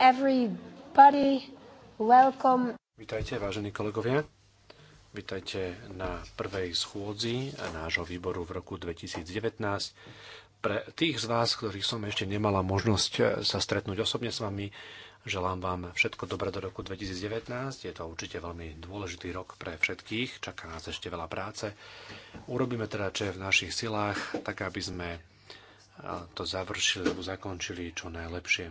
everybody. Welcome. Vítajte, vážení kolegovia. Vítajte na prvej schôdzi nášho výboru v roku 2019. Pre tých z vás, ktorých som ešte nemala možnosť eh, sa stretnúť osobne s vami, želám vám všetko dobré do roku 2019. Je to určite veľmi dôležitý rok pre všetkých, čaká nás ešte veľa práce. Urobíme teda, čo je v našich silách, tak aby sme eh, to završili alebo zakončili čo najlepšie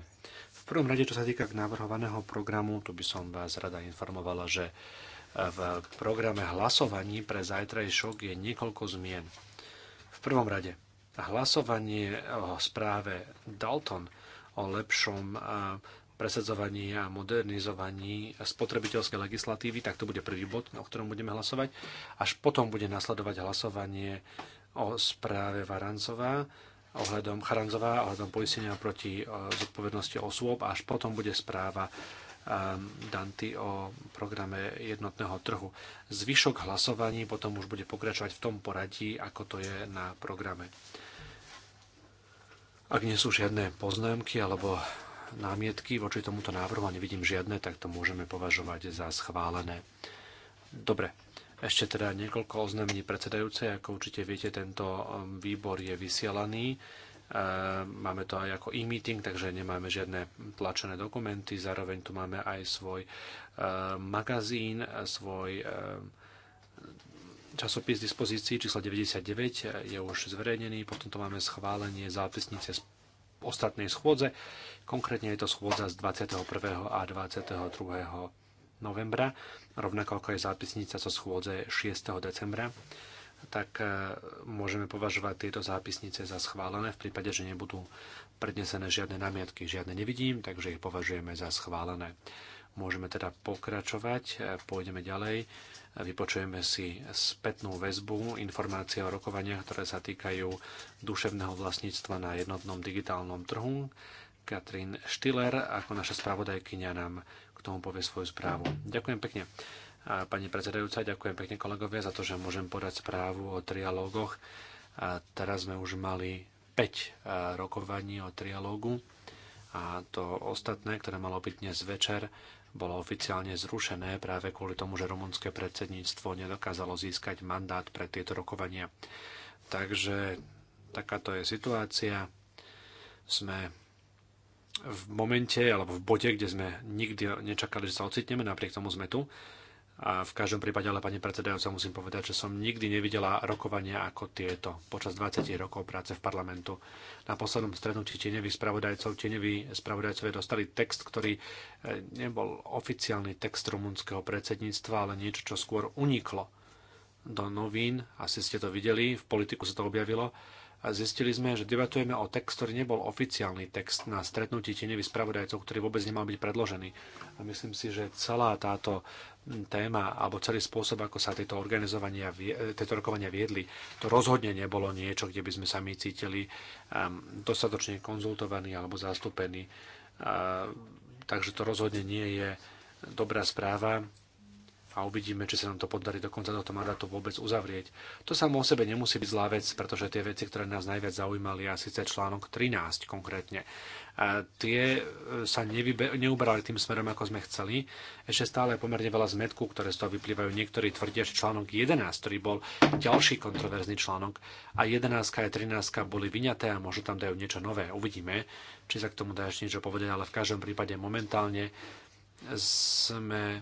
prvom rade, čo sa týka k navrhovaného programu, tu by som vás rada informovala, že e, v programe hlasovaní pre zajtrajšok je niekoľko zmien. V prvom rade hlasovanie o správe Dalton o lepšom e, presadzovaní a modernizovaní spotrebiteľskej legislatívy, tak to bude prvý bod, o ktorom budeme hlasovať. Až potom bude nasledovať hlasovanie o správe Varancová, ohľadom Charanzová, ohľadom poistenia proti eh, zodpovednosti osôb a až potom bude správa eh, Danty o programe jednotného trhu. Zvyšok hlasovaní potom už bude pokračovať v tom poradí, ako to je na programe. Ak nie sú žiadne poznámky alebo námietky voči tomuto návrhu a nevidím žiadne, tak to môžeme považovať za schválené. Dobre, ešte teda niekoľko oznámení predsedajúcej. Ako určite viete, tento um, výbor je vysielaný. E, máme to aj ako e-meeting, takže nemáme žiadne tlačené dokumenty. Zároveň tu máme aj svoj e, magazín, svoj e, časopis dispozícií dispozícii číslo 99 je už zverejnený, potom to máme schválenie zápisnice z ostatnej schôdze, konkrétne je to schôdza z 21. a 22. novembra rovnako ako je zápisnica zo schôdze 6. decembra, tak e, môžeme považovať tieto zápisnice za schválené v prípade, že nebudú prednesené žiadne namiatky, Žiadne nevidím, takže ich považujeme za schválené. Môžeme teda pokračovať, e, pôjdeme ďalej, e, vypočujeme si spätnú väzbu, informácie o rokovaniach, ktoré sa týkajú duševného vlastníctva na jednotnom digitálnom trhu. Katrin Štiller ako naša spravodajkyňa nám tomu povie svoju správu. Ďakujem pekne. Pani predsedajúca, ďakujem pekne kolegovia za to, že môžem podať správu o trialógoch. A teraz sme už mali 5 rokovaní o trialógu a to ostatné, ktoré malo byť dnes večer, bolo oficiálne zrušené práve kvôli tomu, že rumunské predsedníctvo nedokázalo získať mandát pre tieto rokovania. Takže takáto je situácia. Sme v momente alebo v bode, kde sme nikdy nečakali, že sa ocitneme, napriek tomu sme tu. A v každom prípade, ale pani predsedajúca, musím povedať, že som nikdy nevidela rokovania ako tieto počas 20 rokov práce v parlamentu. Na poslednom stretnutí tieňových spravodajcov, tieňoví spravodajcovia dostali text, ktorý e, nebol oficiálny text rumunského predsedníctva, ale niečo, čo skôr uniklo do novín. Asi ste to videli, v politiku sa to objavilo a zistili sme, že debatujeme o text, ktorý nebol oficiálny text na stretnutí tenevých spravodajcov, ktorý vôbec nemal byť predložený. A myslím si, že celá táto téma alebo celý spôsob, ako sa tieto, organizovania, tieto rokovania viedli, to rozhodne nebolo niečo, kde by sme sami cítili um, dostatočne konzultovaní alebo zastúpení. Takže to rozhodne nie je dobrá správa a uvidíme, či sa nám to podarí do konca tohto mandátu vôbec uzavrieť. To samo o sebe nemusí byť zlá vec, pretože tie veci, ktoré nás najviac zaujímali, a síce článok 13 konkrétne, a tie sa nevybe- neuberali tým smerom, ako sme chceli. Ešte stále pomerne veľa zmetku, ktoré z toho vyplývajú. Niektorí tvrdia, že článok 11, ktorý bol ďalší kontroverzný článok, a 11 a 13 boli vyňaté a možno tam dajú niečo nové. Uvidíme, či sa k tomu dá ešte niečo povedať, ale v každom prípade momentálne sme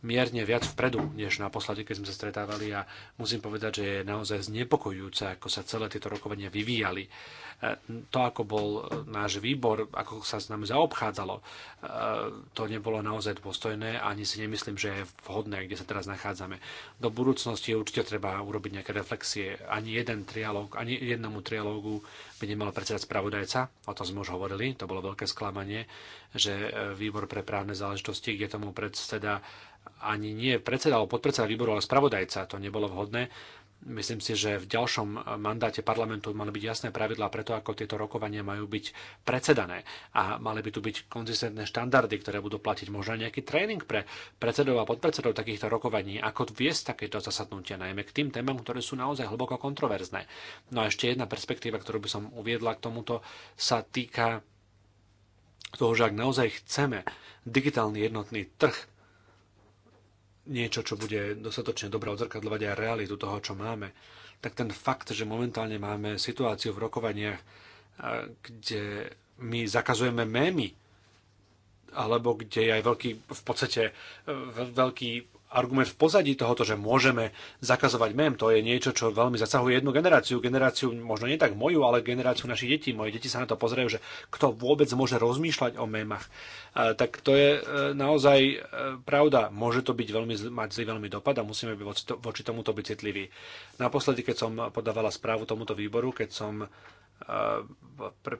mierne viac vpredu, než naposledy, keď sme sa stretávali a musím povedať, že je naozaj znepokojúce, ako sa celé tieto rokovania vyvíjali. To, ako bol náš výbor, ako sa s nami zaobchádzalo, to nebolo naozaj dôstojné, ani si nemyslím, že je vhodné, kde sa teraz nachádzame. Do budúcnosti určite treba urobiť nejaké reflexie. Ani jeden trialóg, ani jednomu trialógu by nemal predsedať spravodajca, o tom sme už hovorili, to bolo veľké sklamanie, že výbor pre právne záležitosti, kde tomu predseda ani nie predseda alebo podpredseda výboru, ale spravodajca. To nebolo vhodné. Myslím si, že v ďalšom mandáte parlamentu mali byť jasné pravidlá pre to, ako tieto rokovania majú byť predsedané. A mali by tu byť konzistentné štandardy, ktoré budú platiť možno nejaký tréning pre predsedov a podpredsedov takýchto rokovaní, ako viesť takéto zasadnutia, najmä k tým témam, ktoré sú naozaj hlboko kontroverzné. No a ešte jedna perspektíva, ktorú by som uviedla k tomuto, sa týka toho, že ak naozaj chceme digitálny jednotný trh, niečo, čo bude dostatočne dobre odzrkadľovať aj realitu toho, čo máme, tak ten fakt, že momentálne máme situáciu v rokovaniach, kde my zakazujeme mémy, alebo kde je aj veľký, v podstate e, veľký argument v pozadí tohoto, že môžeme zakazovať mem, to je niečo, čo veľmi zasahuje jednu generáciu, generáciu možno nie tak moju, ale generáciu našich detí. Moje deti sa na to pozerajú, že kto vôbec môže rozmýšľať o mémach. Tak to je e, naozaj e, pravda. Môže to byť veľmi, mať zlý veľmi dopad a musíme byť voči, to, voči tomuto byť citliví. Naposledy, keď som podávala správu tomuto výboru, keď som e, pre,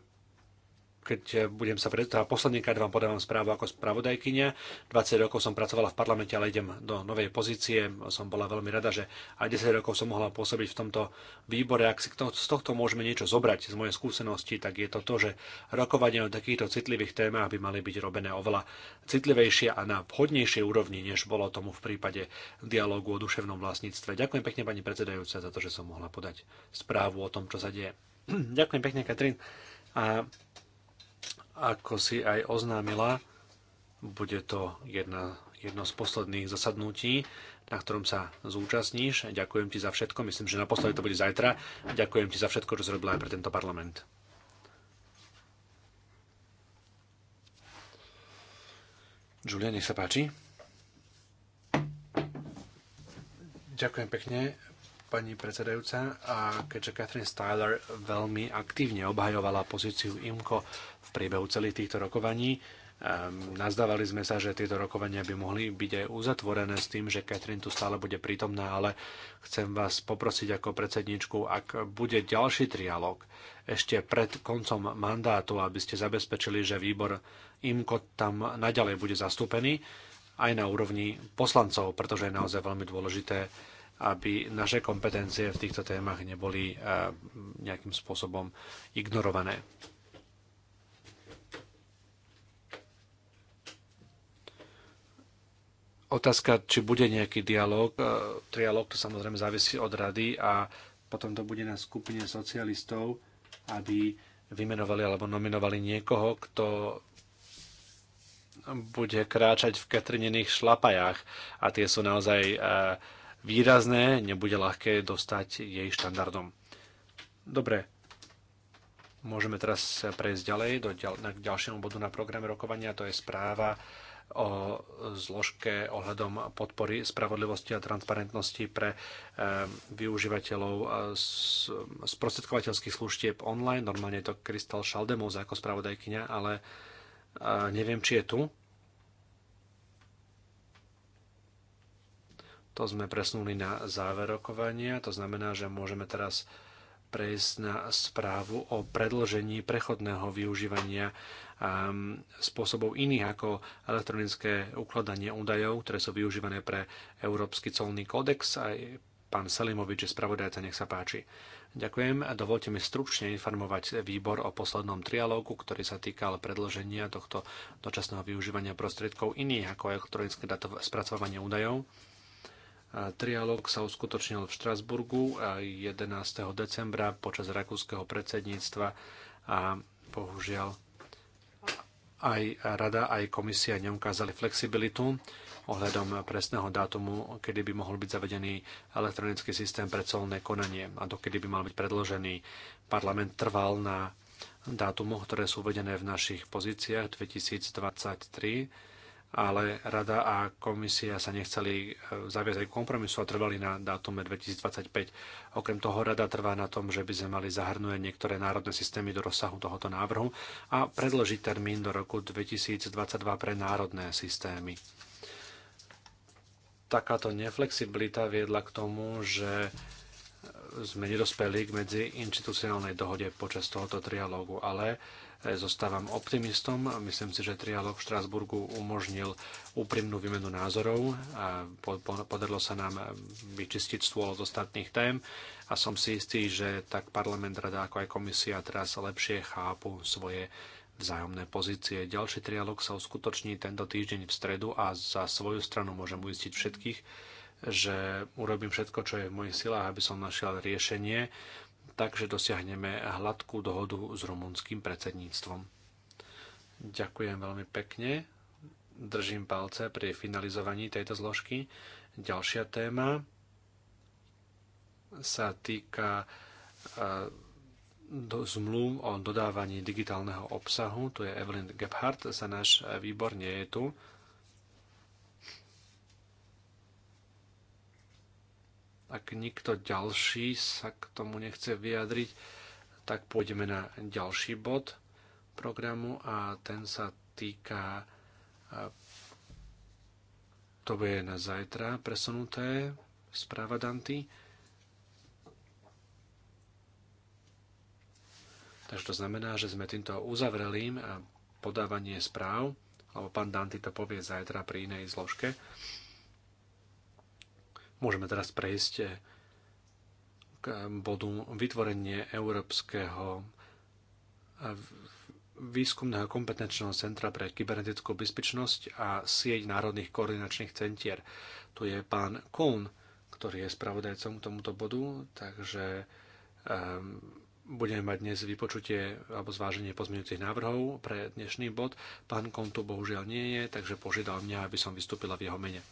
keď eh, budem sa pred... Teda krát vám podávam správu ako spravodajkyňa. 20 rokov som pracovala v parlamente, ale idem do novej pozície. Som bola veľmi rada, že aj 10 rokov som mohla pôsobiť v tomto výbore. Ak si to, z tohto môžeme niečo zobrať z mojej skúsenosti, tak je to to, že rokovania o takýchto citlivých témach by mali byť robené oveľa citlivejšie a na vhodnejšej úrovni, než bolo tomu v prípade dialógu o duševnom vlastníctve. Ďakujem pekne pani predsedajúca za to, že som mohla podať správu o tom, čo sa deje. Ďakujem pekne, Katrin. A ako si aj oznámila, bude to jedna, jedno z posledných zasadnutí, na ktorom sa zúčastníš. Ďakujem ti za všetko. Myslím, že naposledy to bude zajtra. Ďakujem ti za všetko, čo zrobila aj pre tento parlament. Julia, nech sa páči. Ďakujem pekne pani predsedajúca. A keďže Catherine Styler veľmi aktívne obhajovala pozíciu IMCO v priebehu celých týchto rokovaní, ehm, Nazdávali sme sa, že tieto rokovania by mohli byť aj uzatvorené s tým, že Katrin tu stále bude prítomná, ale chcem vás poprosiť ako predsedničku, ak bude ďalší trialog ešte pred koncom mandátu, aby ste zabezpečili, že výbor IMKO tam naďalej bude zastúpený aj na úrovni poslancov, pretože je naozaj veľmi dôležité aby naše kompetencie v týchto témach neboli eh, nejakým spôsobom ignorované. Otázka, či bude nejaký dialog, eh, trialog, to samozrejme závisí od rady a potom to bude na skupine socialistov, aby vymenovali alebo nominovali niekoho, kto bude kráčať v Katrinených šlapajách a tie sú naozaj uh, výrazné, nebude ľahké dostať jej štandardom. Dobre, môžeme teraz prejsť ďalej do, k ďalšiemu bodu na programe rokovania, to je správa o zložke ohľadom podpory spravodlivosti a transparentnosti pre eh, využívateľov sprostredkovateľských eh, služieb online. Normálne je to Kristal Šaldemus ako spravodajkyňa, ale eh, neviem, či je tu. To sme presunuli na záver rokovania, to znamená, že môžeme teraz prejsť na správu o predlžení prechodného využívania um, spôsobov iných ako elektronické ukladanie údajov, ktoré sú využívané pre Európsky colný kódex. A pán Selimovič je spravodajca, nech sa páči. Ďakujem. Dovolte mi stručne informovať výbor o poslednom trialógu, ktorý sa týkal predlženia tohto dočasného využívania prostriedkov iných ako elektronické spracovanie údajov. Trialóg sa uskutočnil v Štrasburgu 11. decembra počas rakúskeho predsedníctva a bohužiaľ aj rada, aj komisia neukázali flexibilitu ohľadom presného dátumu, kedy by mohol byť zavedený elektronický systém pre celné konanie a dokedy by mal byť predložený. Parlament trval na dátumoch, ktoré sú uvedené v našich pozíciách 2023 ale Rada a komisia sa nechceli e, zaviazať kompromisu a trvali na dátume 2025. Okrem toho Rada trvá na tom, že by sme mali zahrnúť niektoré národné systémy do rozsahu tohoto návrhu a predložiť termín do roku 2022 pre národné systémy. Takáto neflexibilita viedla k tomu, že e, sme nedospeli k medziinstitucionálnej dohode počas tohoto trialógu, ale Zostávam optimistom. Myslím si, že trialog v Štrásburgu umožnil úprimnú výmenu názorov a podarilo sa nám vyčistiť stôl z ostatných tém a som si istý, že tak parlament, rada ako aj komisia teraz lepšie chápu svoje vzájomné pozície. Ďalší trialog sa uskutoční tento týždeň v stredu a za svoju stranu môžem uistiť všetkých, že urobím všetko, čo je v mojich silách, aby som našiel riešenie takže dosiahneme hladkú dohodu s rumunským predsedníctvom. Ďakujem veľmi pekne. Držím palce pri finalizovaní tejto zložky. Ďalšia téma sa týka e, do zmluv o dodávaní digitálneho obsahu. Tu je Evelyn Gebhardt, za náš výbor nie je tu. Ak nikto ďalší sa k tomu nechce vyjadriť, tak pôjdeme na ďalší bod programu a ten sa týka to je na zajtra presunuté správa Danty. Takže to znamená, že sme týmto uzavreli podávanie správ, alebo pán Danty to povie zajtra pri inej zložke. Môžeme teraz prejsť eh, k bodu vytvorenie Európskeho eh, výskumného kompetenčného centra pre kybernetickú bezpečnosť a sieť národných koordinačných centier. Tu je pán Kuhn, ktorý je spravodajcom k tomuto bodu, takže um, budeme mať dnes vypočutie alebo zváženie pozmeňujúcich návrhov pre dnešný bod. Pán Kuhn tu bohužiaľ nie je, takže požiadal mňa, aby som vystúpila v jeho mene.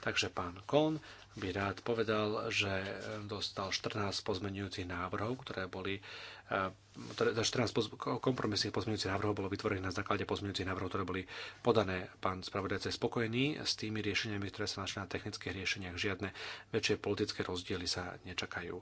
Takže pán Kon by rád povedal, že dostal 14 pozmenujúcich návrhov, ktoré boli za 14 kompromisných pozmeňujúcich návrhov bolo vytvorených na základe pozmeňujúcich návrhov, ktoré boli podané. Pán spravodajca je spokojný s tými riešeniami, ktoré sa našli na technických riešeniach. Žiadne väčšie politické rozdiely sa nečakajú.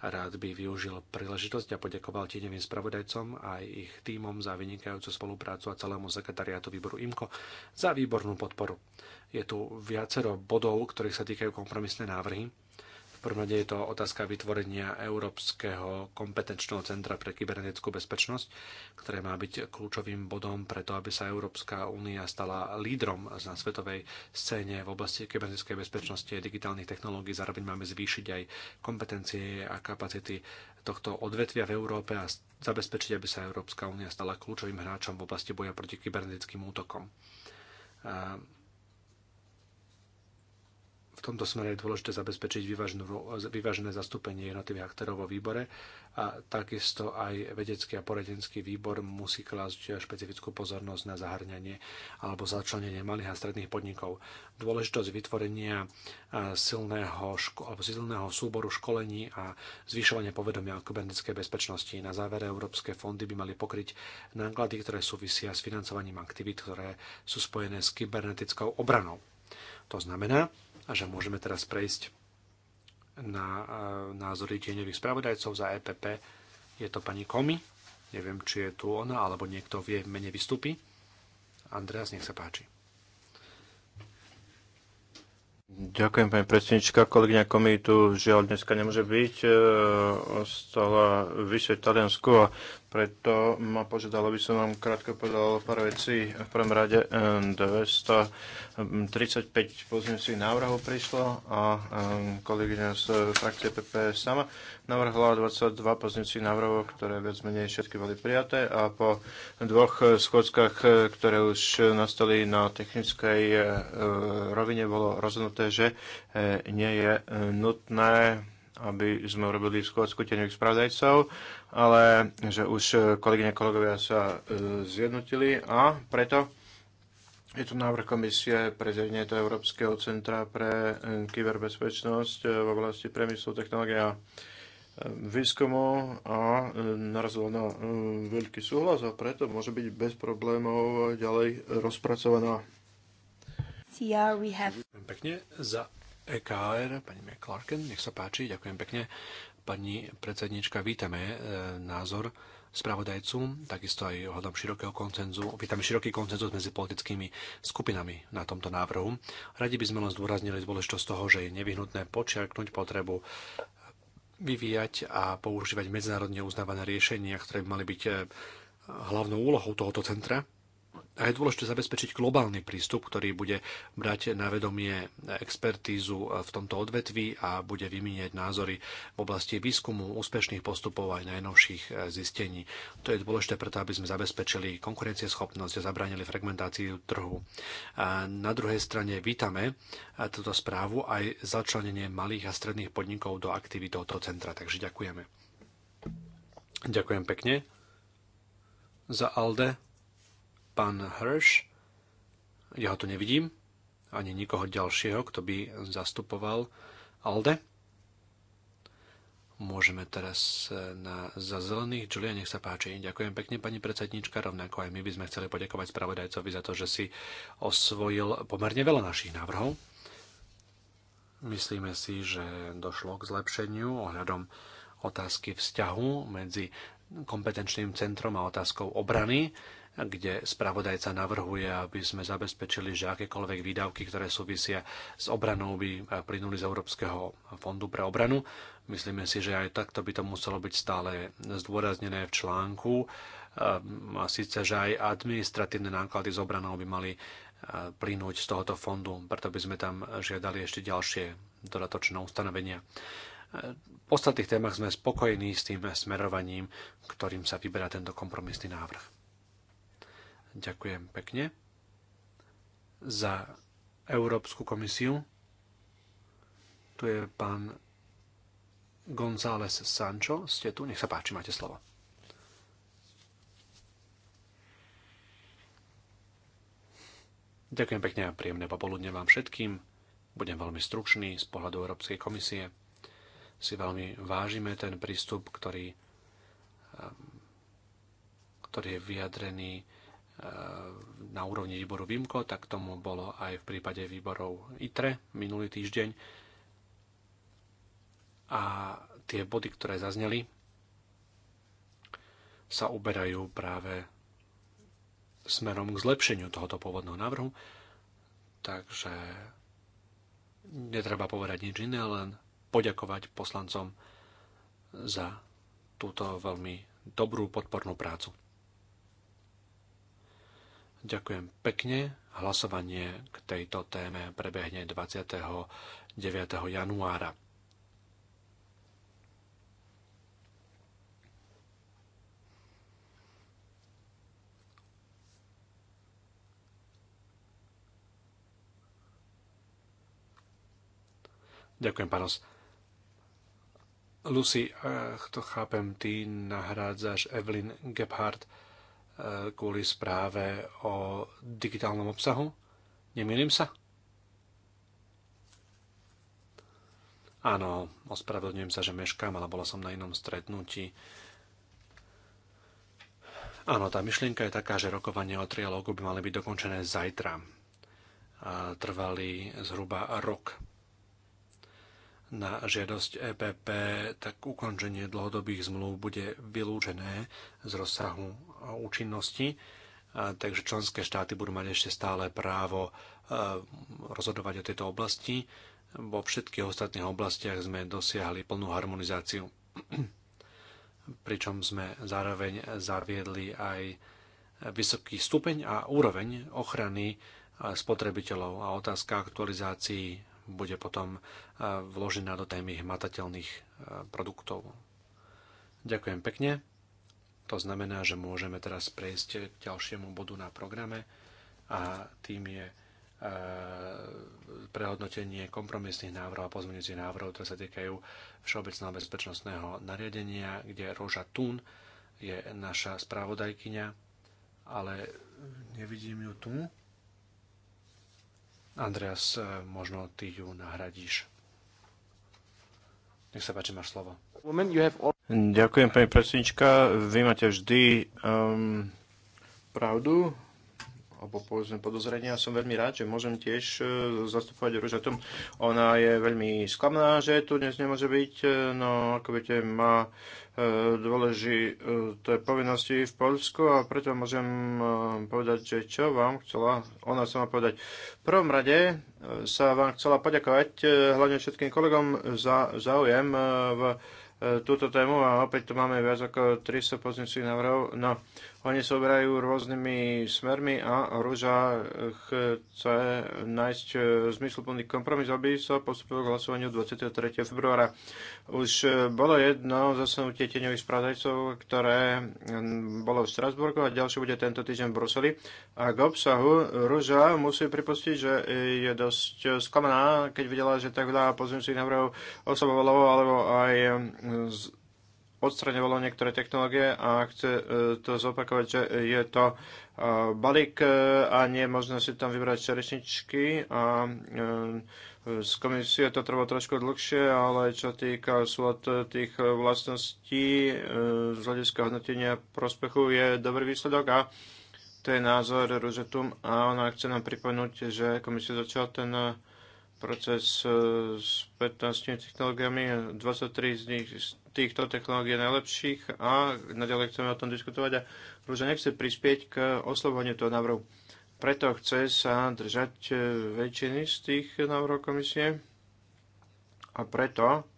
Rád by využil príležitosť a poďakoval tieňovým spravodajcom a ich týmom za vynikajúcu spoluprácu a celému sekretariátu výboru IMKO za výbornú podporu. Je tu viacero bodov, ktorých sa týkajú kompromisné návrhy prvom rade je to otázka vytvorenia Európskeho kompetenčného centra pre kybernetickú bezpečnosť, ktoré má byť kľúčovým bodom pre to, aby sa Európska únia stala lídrom na svetovej scéne v oblasti kybernetickej bezpečnosti a digitálnych technológií. Zároveň máme zvýšiť aj kompetencie a kapacity tohto odvetvia v Európe a zabezpečiť, aby sa Európska únia stala kľúčovým hráčom v oblasti boja proti kybernetickým útokom. V tomto smere je dôležité zabezpečiť vyvážené zastúpenie jednotlivých aktérov vo výbore a takisto aj vedecký a poradenský výbor musí klásť špecifickú pozornosť na zahrňanie alebo začlenenie malých a stredných podnikov. Dôležitosť vytvorenia silného, alebo silného súboru školení a zvyšovania povedomia o kybernetickej bezpečnosti. Na závere európske fondy by mali pokryť náklady, ktoré súvisia s financovaním aktivít, ktoré sú spojené s kybernetickou obranou. To znamená, a že môžeme teraz prejsť na e, názory tieňových spravodajcov za EPP. Je to pani Komi. Neviem, či je tu ona, alebo niekto vie v mene vystúpi. Andreas, nech sa páči. Ďakujem, pani predsednička. Kolegyňa Komi tu žiaľ dneska nemôže byť. E, ostala vyššie v Taliansku a preto ma požiadalo, aby som vám krátko povedal pár vecí. V prvom rade 235 ehm, pozmeňujúcich návrhov prišlo a ehm, kolegyňa z frakcie PP sama navrhla 22 pozmeňujúcich návrhov, ktoré viac menej všetky boli prijaté a po dvoch schôdzkach, ktoré už nastali na technickej ehm, rovine, bolo rozhodnuté, že nie je nutné aby sme urobili skôr skutených spravodajcov ale že už e, kolegyne kolegovia sa e, zjednotili a preto je tu návrh komisie pre Európskeho centra pre e, kyberbezpečnosť v oblasti priemyslu, technológie a výskumu a narazilo na veľký súhlas a preto môže byť bez problémov ďalej rozpracovaná. Pekne za EKR, pani Clarken, nech sa páči, ďakujem pekne. Pani predsednička, vítame e, názor spravodajcu, takisto aj ohľadom širokého koncenzu. Vítame široký koncenzus medzi politickými skupinami na tomto návrhu. Radi by sme len zdôraznili dôležitosť toho, že je nevyhnutné počiarknúť potrebu vyvíjať a používať medzinárodne uznávané riešenia, ktoré by mali byť e, hlavnou úlohou tohoto centra a je dôležité zabezpečiť globálny prístup, ktorý bude brať na vedomie expertízu v tomto odvetví a bude vymieňať názory v oblasti výskumu, úspešných postupov aj najnovších eh, zistení. To je dôležité preto, aby sme zabezpečili konkurencieschopnosť a zabránili fragmentáciu trhu. A na druhej strane vítame eh, túto správu aj začlenenie malých a stredných podnikov do aktivy tohoto centra. Takže ďakujeme. Ďakujem pekne za ALDE pán Hirsch. Ja ho tu nevidím, ani nikoho ďalšieho, kto by zastupoval Alde. Môžeme teraz e, na, za zelených. Julia, nech sa páči. Ďakujem pekne, pani predsednička. Rovnako aj my by sme chceli poďakovať spravodajcovi za to, že si osvojil pomerne veľa našich návrhov. Myslíme si, že došlo k zlepšeniu ohľadom otázky vzťahu medzi kompetenčným centrom a otázkou obrany kde spravodajca navrhuje, aby sme zabezpečili, že akékoľvek výdavky, ktoré súvisia s obranou, by plynuli z Európskeho fondu pre obranu. Myslíme si, že aj takto by to muselo byť stále zdôraznené v článku. Ehm, a síce, že aj administratívne náklady z obranou by mali e, plynúť z tohoto fondu, preto by sme tam žiadali ešte ďalšie dodatočné ustanovenia. E, v ostatných témach sme spokojení s tým smerovaním, ktorým sa vyberá tento kompromisný návrh. Ďakujem pekne za Európsku komisiu. Tu je pán González Sancho. Ste tu? Nech sa páči, máte slovo. Ďakujem pekne a príjemné popoludne vám všetkým. Budem veľmi stručný z pohľadu Európskej komisie. Si veľmi vážime ten prístup, ktorý, ehm, ktorý je vyjadrený E, na úrovni výboru VIMKO, tak tomu bolo aj v prípade výborov ITRE minulý týždeň. A tie body, ktoré zazneli, sa uberajú práve smerom k zlepšeniu tohoto pôvodného návrhu. Takže netreba povedať nič iné, len poďakovať poslancom za túto veľmi dobrú podpornú prácu. Ďakujem pekne. Hlasovanie k tejto téme prebehne 29. januára. Ďakujem, panos. Lucy, eh, to chápem, ty nahrádzaš Evelyn Gebhardt E, kvôli správe o digitálnom obsahu. Nemýlim sa? Áno, ospravedlňujem sa, že meškám, ale bola som na inom stretnutí. Áno, tá myšlienka je taká, že rokovanie o trialógu by mali byť dokončené zajtra. A trvali zhruba rok na žiadosť EPP, tak ukončenie dlhodobých zmluv bude vylúčené z rozsahu účinnosti, takže členské štáty budú mať ešte stále právo e, rozhodovať o tejto oblasti. Vo všetkých ostatných oblastiach sme dosiahli plnú harmonizáciu, pričom sme zároveň zaviedli aj vysoký stupeň a úroveň ochrany e, spotrebiteľov a otázka aktualizácií bude potom e, vložená do témy hmatateľných e, produktov. Ďakujem pekne. To znamená, že môžeme teraz prejsť k ďalšiemu bodu na programe a tým je e, prehodnotenie kompromisných návrhov a pozmeňujúcich návrhov, ktoré sa týkajú Všeobecného bezpečnostného nariadenia, kde Roža Tún je naša spravodajkyňa. ale nevidím ju tu. Andreas, eh, možno ty ju nahradíš. Nech sa páči, máš slovo. Ďakujem, pani predsednička. Vy máte vždy um, pravdu povedzme podozrenia. Som veľmi rád, že môžem tiež e, zastupovať Ružatom. Ona je veľmi sklamná, že tu dnes nemôže byť, e, no ako viete, má e, dôležité povinnosti v Polsku a preto môžem povedať, že čo vám chcela ona sama povedať. V prvom rade sa vám chcela poďakovať hlavne všetkým kolegom za záujem v túto tému a opäť tu máme viac ako 300 pozničných návrhov. No, oni sa oberajú rôznymi smermi a Rúža chce nájsť e, zmysluplný kompromis, aby sa postupilo k hlasovaniu 23. februára. Už e, bolo jedno zasadnutie tieňových spravodajcov, ktoré bolo v Strasburgu a ďalšie bude tento týždeň v Bruseli. A k obsahu Rúža musí pripustiť, že je dosť sklamaná, keď videla, že tak veľa pozemcích návrhov oslabovalo alebo aj odstraňovalo niektoré technológie a chce e, to zopakovať, že je to e, balík e, a nie je možné si tam vybrať čerešničky a z komisie to trvá trošku dlhšie, ale čo týka súlad tých vlastností z hľadiska hodnotenia prospechu je dobrý výsledok a to je názor Ružetum a ona chce nám pripomenúť, že komisia začala ten proces e, s 15 technológiami, 23 z nich z týchto technológií najlepších a naďalej chceme o tom diskutovať a Rúža nechce prispieť k oslovovaniu toho návrhu. Preto chce sa držať e, väčšiny z tých návrhov komisie a preto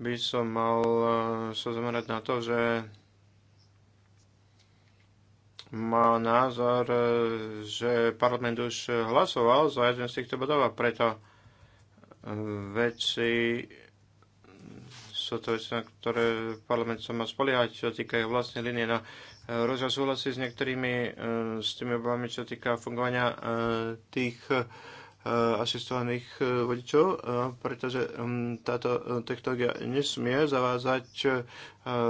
by som mal e, sa zamerať na to, že má názor, že parlament už hlasoval za jeden z týchto bodov a preto veci sú to veci, na ktoré parlament sa má spoliehať, čo týka ich vlastnej linie. na no, Roža súhlasí s niektorými e, s tými obavami, čo týka fungovania e, tých e, asistovaných vodičov, pretože táto technológia nesmie zavázať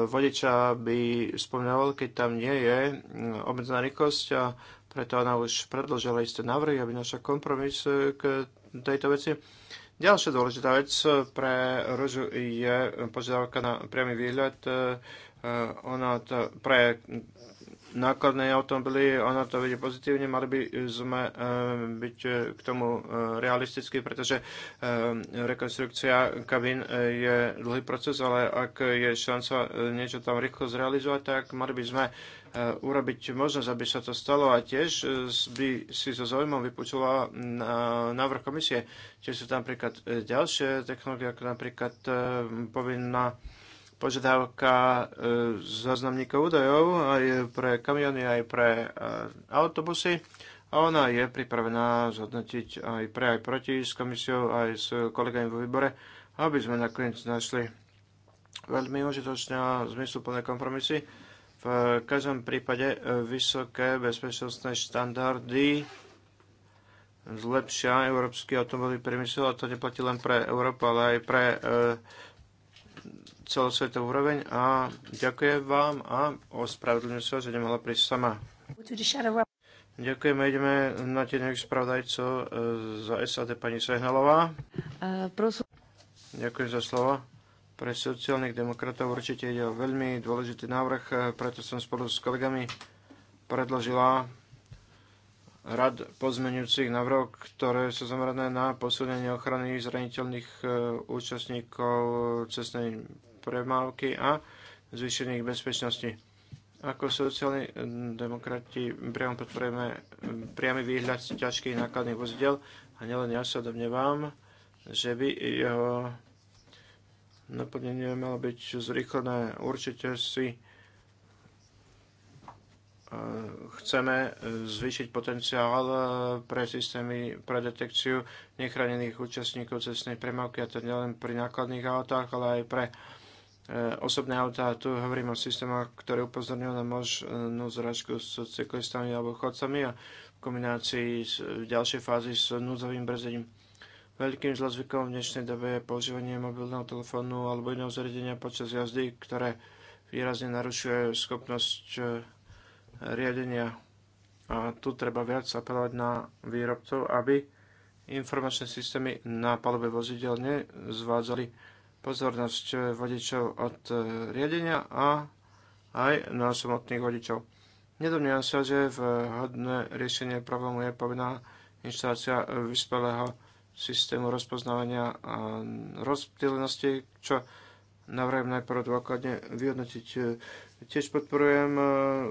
vodiča, aby spomňoval, keď tam nie je obmedzená rýchlosť a preto ona už predložila isté návrhy, aby naša kompromis k tejto veci Ďalšia dôležitá vec pre Ružu je požiadavka na priamy výhľad eh, ona to pre nákladné automobily, ona to vidí pozitívne, mali by sme eh, byť eh, k tomu eh, realistickí, pretože rekonstrukcia kabín je dlhý proces, ale ak je šanca niečo tam rýchlo zrealizovať, tak mali by sme urobiť možnosť, aby sa to stalo a tiež by si so zaujímom vypočula návrh komisie. či sú tam napríklad ďalšie technológie, ako napríklad povinná požiadavka e, záznamníkov údajov aj pre kamiony, aj pre e, autobusy. A ona je pripravená zhodnotiť aj pre, aj proti s komisiou, aj s kolegami vo výbore, aby sme nakoniec našli veľmi užitočné a zmysluplné kompromisy. V každom prípade e, vysoké bezpečnostné štandardy zlepšia európsky automobilový priemysel a to neplatí len pre Európu, ale aj pre e, celosvetovú úroveň a ďakujem vám a ospravedlňujem sa, že nemohla prísť sama. Ďakujeme, ideme na tieňových spravodajcov e, za SAD pani Sehnalová. ďakujem za slovo. Pre sociálnych demokratov určite ide o veľmi dôležitý návrh, e, preto som spolu s kolegami predložila rad pozmenujúcich návrhov, ktoré sú zamerané na posilnenie ochrany zraniteľných e, účastníkov cestnej premávky a zvýšenie ich bezpečnosti. Ako sociálni demokrati priamo podporujeme e, priamy výhľad ťažkých nákladných vozidel a nielen ja sa domnievam, že by jeho naplnenie malo byť zrýchlené. Určite si Eh, chceme eh, zvýšiť potenciál eh, pre systémy pre detekciu nechránených účastníkov cestnej premávky, a to nielen pri nákladných autách, ale aj pre osobné autá. Tu hovorím o systémoch, ktoré upozorňujú na možnú zračku s cyklistami alebo chodcami a v kombinácii s ďalšej fázy s núdzovým brzením. Veľkým zlozvykom v dnešnej dobe je používanie mobilného telefónu alebo iného zariadenia počas jazdy, ktoré výrazne narušuje schopnosť riadenia. A tu treba viac apelovať na výrobcov, aby informačné systémy na palube vozidel nezvádzali pozornosť vodičov od e, riadenia a aj na samotných vodičov. Nedomňujem sa, že vhodné riešenie problému je povinná inštalácia vyspelého systému rozpoznávania rozptýlenosti, čo Navrajem najprv dôkladne vyhodnotiť. E, tiež podporujem e,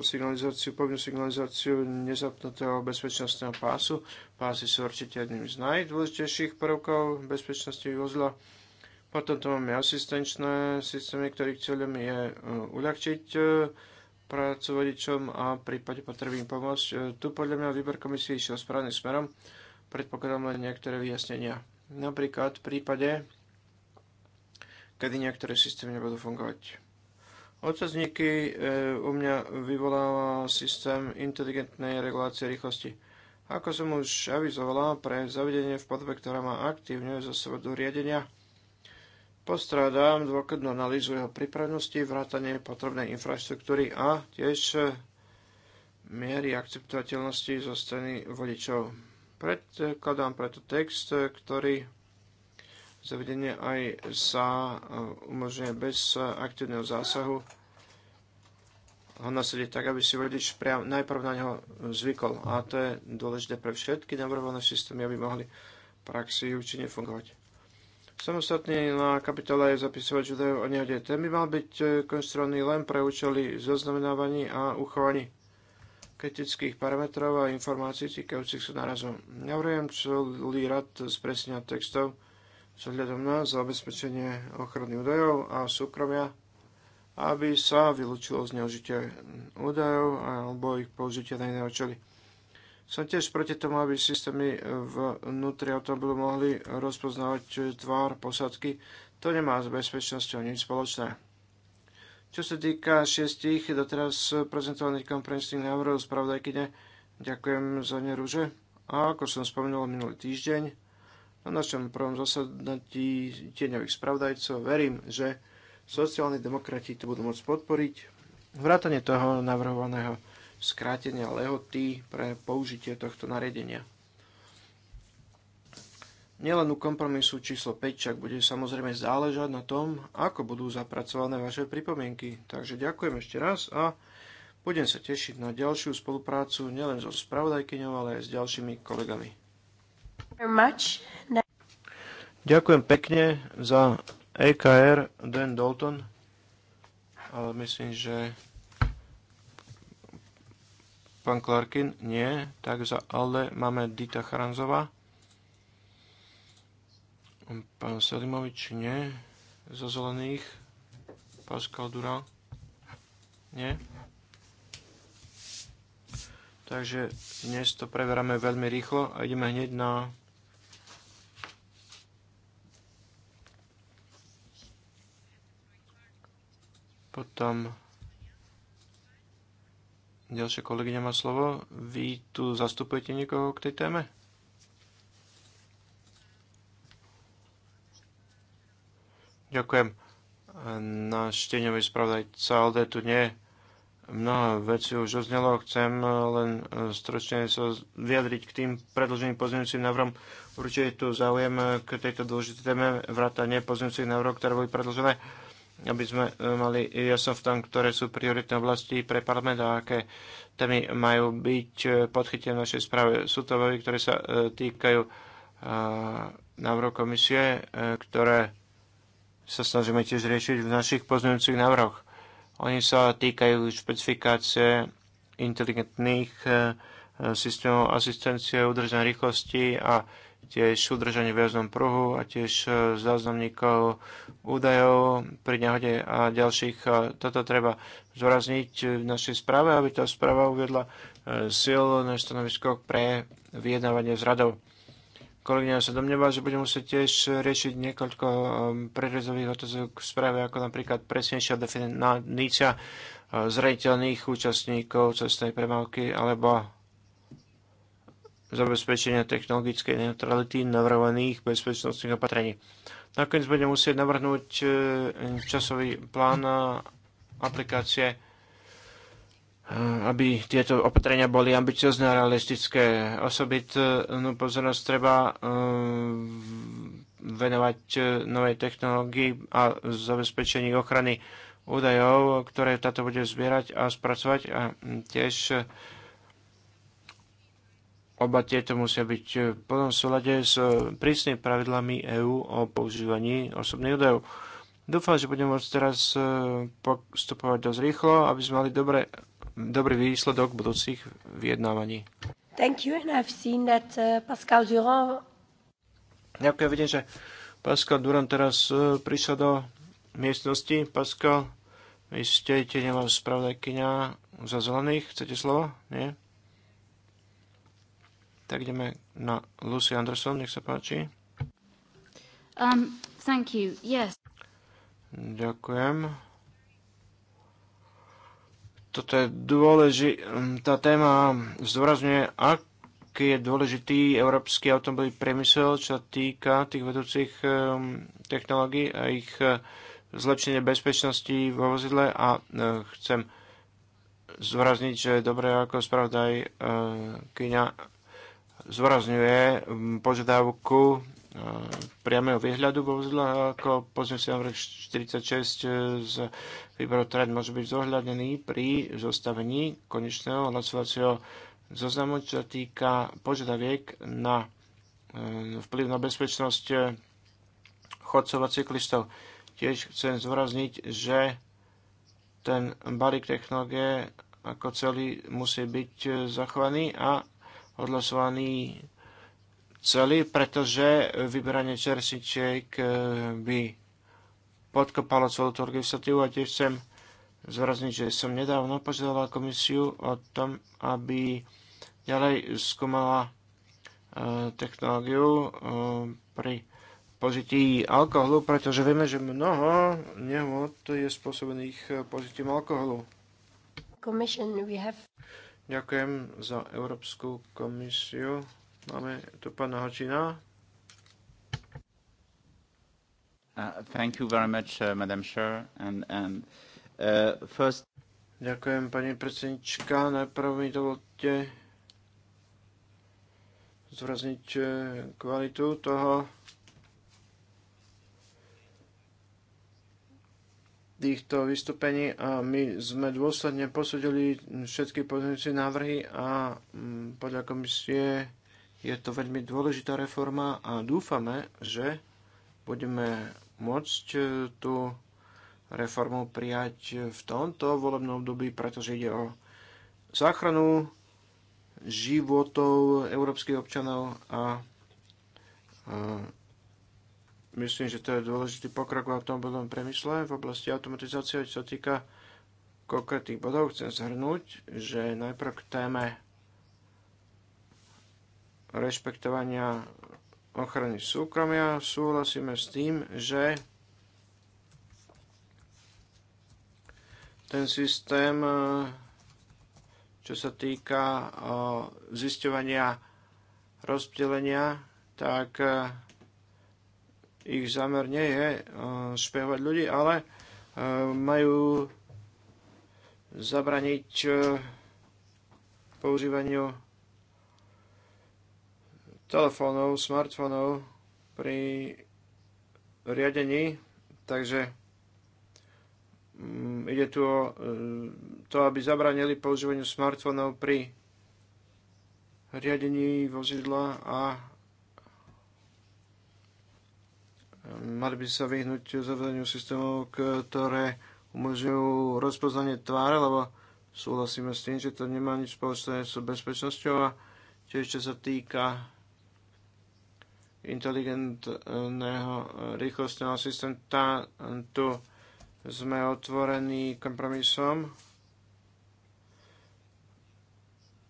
signalizáciu, povinnú signalizáciu nezapnutého bezpečnostného pásu. Pásy sú určite jedným z najdôležitejších prvkov bezpečnosti vozla. Potom tu máme asistenčné systémy, ktorých cieľom je e, uľahčiť prácu vodičom a v prípade potreby im pomôcť. Tu podľa mňa výber komisie išiel správnym smerom. Predpokladám len niektoré vyjasnenia. Napríklad v prípade kedy niektoré systémy nebudú fungovať. Otázniky e, u mňa vyvoláva systém inteligentnej regulácie rýchlosti. Ako som už avizovala, pre zavedenie v podobe, ktorá má aktívne za do riadenia, postrádam dôkladnú analýzu jeho pripravnosti, vrátanie potrebnej infraštruktúry a tiež e, miery akceptovateľnosti zo strany vodičov. Predkladám preto text, ktorý zavedenie aj sa e, umožňuje bez aktívneho zásahu ho nasadiť tak, aby si vodič priam, najprv na neho zvykol. A to je dôležité pre všetky navrhované systémy, aby mohli v praxi účinne fungovať. Samostatne na kapitole je zapisovať údajov o nehode. Ten by mal byť e, konštruovaný len pre účely zaznamenávaní a uchovaní kritických parametrov a informácií týkajúcich sa narazov. Navrhujem celý rad spresňa textov, s ohľadom na zabezpečenie ochrany údajov a súkromia, aby sa vylúčilo zneužitie údajov alebo ich použitie na iné účely. Som tiež proti tomu, aby systémy vnútri automobilu mohli rozpoznávať tvár posádky. To nemá s bezpečnosťou nič spoločné. Čo sa týka šiestich doteraz prezentovaných komprensných návrhov spravodajkyne, ďakujem za ne rúže. A ako som spomenul minulý týždeň, na no, našom prvom zasadnutí tieňových spravdajcov. Verím, že sociálni demokrati to budú môcť podporiť. Vrátanie toho navrhovaného skrátenia lehoty pre použitie tohto nariadenia. Nielen u kompromisu číslo 5 čak bude samozrejme záležať na tom, ako budú zapracované vaše pripomienky. Takže ďakujem ešte raz a budem sa tešiť na ďalšiu spoluprácu nielen so spravodajkyňou, ale aj s ďalšími kolegami. Ďakujem pekne za EKR Dan Dalton, ale myslím, že pán Clarkin nie, tak za ALDE máme Dita Charanzová. Pán Selimovič nie, za zelených Pascal Durand nie. Takže dnes to preveráme veľmi rýchlo a ideme hneď na potom ďalšia kolegyňa má slovo. Vy tu zastupujete niekoho k tej téme? Ďakujem. Náš tieňový spravodajca ale tu nie Mnoho vecí už oznelo, chcem len e, stručne sa vyjadriť k tým predloženým pozmeňujúcim návrhom. Určite tu záujem e, k tejto dôležitej téme vrátanie pozmeňujúcich návrhov, ktoré boli predložené aby sme e, mali jasno v tom, ktoré sú prioritné oblasti pre parlament a aké témy majú byť podchytené v našej správe. Sú to obavy, ktoré sa týkajú návrhov komisie, ktoré sa snažíme tiež riešiť v našich pozmeňujúcich návrhoch. Oni sa týkajú špecifikácie inteligentných eh, systémov asistencie, udržania rýchlosti a tiež udržanie v jazdnom pruhu a tiež eh, záznamníkov údajov pri nehode a ďalších. Toto treba zvorazniť v našej správe, aby tá správa uviedla eh, silné stanovisko pre vyjednávanie s radou. Kolegyňa sa domnieva, že budeme musieť tiež riešiť niekoľko um, prerezových otázok v správe, ako napríklad presnejšia definícia uh, zrejiteľných účastníkov cestnej premávky alebo zabezpečenia technologickej neutrality navrhovaných bezpečnostných opatrení. Nakoniec budeme musieť navrhnúť uh, časový plán uh, aplikácie Eh, aby tieto opatrenia boli ambiciozne a realistické. Osobitnú pozornosť treba eh, venovať eh, novej technológii a zabezpečení ochrany údajov, ktoré táto bude zbierať a spracovať a tiež Oba tieto musia byť v plnom súlade s prísnymi pravidlami EÚ o používaní osobných údajov. Dúfam, že budeme môcť teraz postupovať dosť rýchlo, aby sme mali dobre dobrý výsledok budúcich vyjednávaní. Thank you, and I've seen that uh, Pascal Durand... Ďakujem, vidím, že Pascal Durand teraz uh, prišiel do miestnosti. Pascal, vy ste tieňová spravodajkynia za zelených. Chcete slovo? Nie? Tak ideme na Lucy Anderson, nech sa páči. Um, thank you, yes. Ďakujem. Toto je tá téma, zdôrazňuje, aký je dôležitý európsky automobilový priemysel, čo sa týka tých vedúcich um, technológií a ich uh, zlepšenie bezpečnosti vo vozidle a uh, chcem zdôrazniť, že je dobré, ako spravodaj uh, Kyňa zvorazňuje um, požiadavku priameho výhľadu vozidla ako si návrh 46 e, z výboru trend môže byť zohľadený pri zostavení konečného hlasovacieho zoznamu, čo sa týka požiadaviek na e, vplyv na bezpečnosť e, chodcov a cyklistov. Tiež chcem zvorazniť, že ten balík technológie ako celý musí byť zachovaný a odhlasovaný chceli, pretože vyberanie čersičiek eh, by podkopalo celú tú legislatívu a tiež chcem zvrazniť, že som nedávno požiadala komisiu o tom, aby ďalej skúmala eh, technológiu eh, pri požití alkoholu, pretože vieme, že mnoho nehod je spôsobených požitím alkoholu. Have... Ďakujem za Európsku komisiu. Máme tu pána Hočina. Uh, uh, uh, Ďakujem, pani predsednička. Najprv mi dovolte zvrazniť kvalitu toho týchto vystúpení a my sme dôsledne posudili všetky pozornosti návrhy a mm, podľa komisie je to veľmi dôležitá reforma a dúfame, že budeme môcť e, tú reformu prijať v tomto volebnom období, pretože ide o záchranu životov európskych občanov a, a e, myslím, že to je dôležitý pokrok v automobilovom premysle v oblasti automatizácie, čo sa týka konkrétnych bodov. Chcem zhrnúť, že najprv k téme rešpektovania ochrany súkromia. Súhlasíme s tým, že ten systém, eh, čo sa týka eh, zisťovania rozdelenia, tak eh, ich zámer nie je špehovať ľudí, ale majú zabraniť používaniu telefónov, smartfónov pri riadení, takže mm, ide tu o e, to, aby zabranili používaniu smartfónov pri riadení vozidla a e, mali by sa vyhnúť zavedeniu systémov, ktoré umožňujú rozpoznanie tváre, lebo súhlasíme s tým, že to nemá nič spoločné s bezpečnosťou a tiež čo sa týka inteligentného eh, rýchlostného asistenta. Tu sme otvorení kompromisom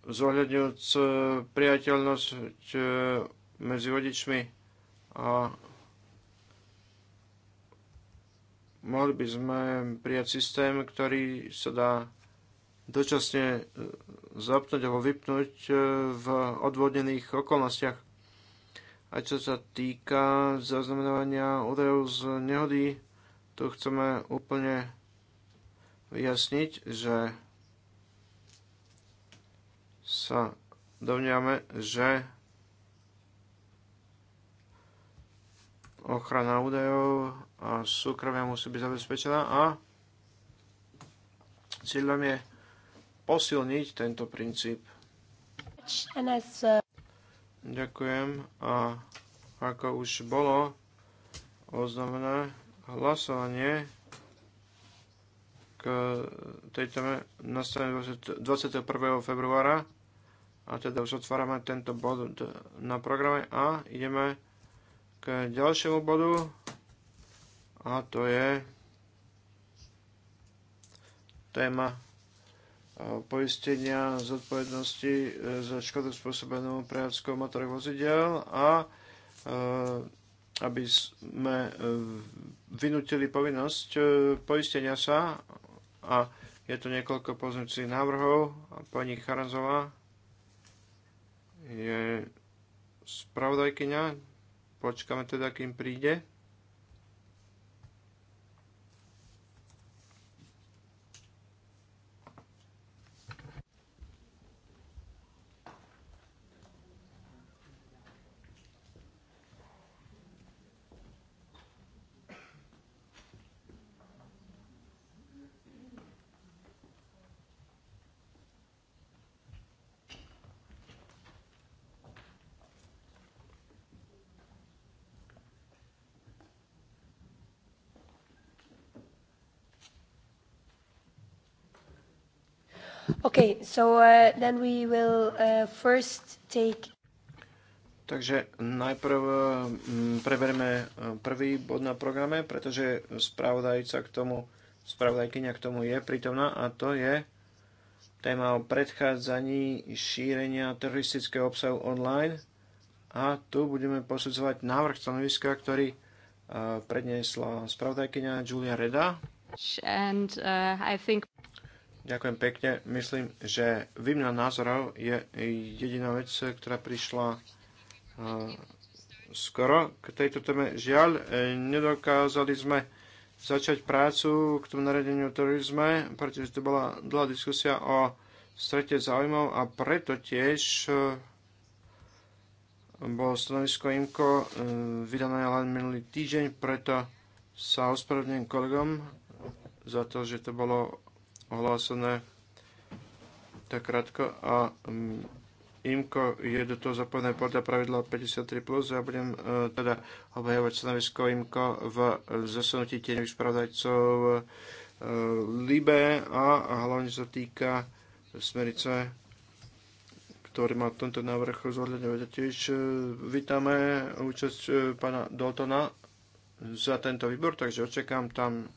zohľadňujúc eh, priateľnosť eh, medzi vodičmi a mohli by sme prijať systém, ktorý sa dá dočasne zapnúť alebo vypnúť v odvodnených okolnostiach. A čo sa týka zaznamenávania údajov z nehody, tu chceme úplne vyjasniť, že sa dovňame, že ochrana údajov a súkromia musí byť zabezpečená a cieľom je posilniť tento princíp. Ďakujem. A ako už bolo oznamené, hlasovanie k tej téme nastane 21. februára a teda už otvárame tento bod na programe a ideme k ďalšiemu bodu a to je téma poistenia zodpovednosti e, za škodu spôsobenú prevádzkou motorových vozidel a e, aby sme e, vynutili povinnosť poistenia sa a je tu niekoľko pozemcích návrhov. Pani Charanzová je spravodajkyňa. Počkáme teda, kým príde. Okay, so uh, then we will uh, first take... Takže najprv mm, preberme e, prvý bod na programe, pretože spravodajca k tomu, spravodajkyňa k tomu je prítomná a to je téma o predchádzaní šírenia teroristického obsahu online a tu budeme posudzovať návrh stanoviska, ktorý e, predniesla spravodajkyňa Julia Reda. And, uh, I think... Ďakujem pekne. Myslím, že výmena názorov je jediná vec, ktorá prišla e, skoro k tejto téme. Žiaľ, e, nedokázali sme začať prácu k tomu naredeniu terorizme, pretože to bola dlhá diskusia o strete záujmov a preto tiež e, bolo stanovisko IMCO vydané len minulý týždeň, preto sa ospravedlňujem kolegom za to, že to bolo ohlásené tak krátko a mm, IMKO je do toho zapojené podľa pravidla 53+, plus. ja budem uh, teda obhajovať stanovisko IMKO v zasunutí tieňových spravodajcov uh, LIBE a, a hlavne sa týka smerice, ktorý má tento návrh zohľadňovať. Tiež uh, vítame účasť uh, pána Daltona za tento výbor, takže očakám tam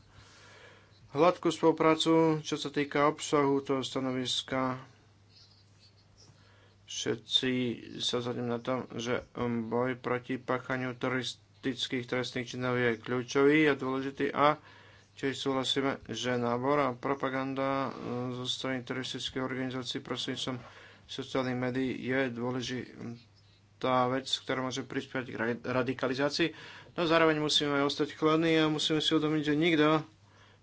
hladkú spoluprácu, čo sa týka obsahu toho stanoviska. Všetci sa zhodneme na tom, že boj proti páchaniu teroristických trestných činov je kľúčový a dôležitý a tiež súhlasíme, že nábor a propaganda eh, zo strany teroristických organizácií prosím sociálnych médií je dôležitá vec, ktorá môže prispiať k radikalizácii. No zároveň musíme ostať chladní a musíme si uvedomiť, že nikto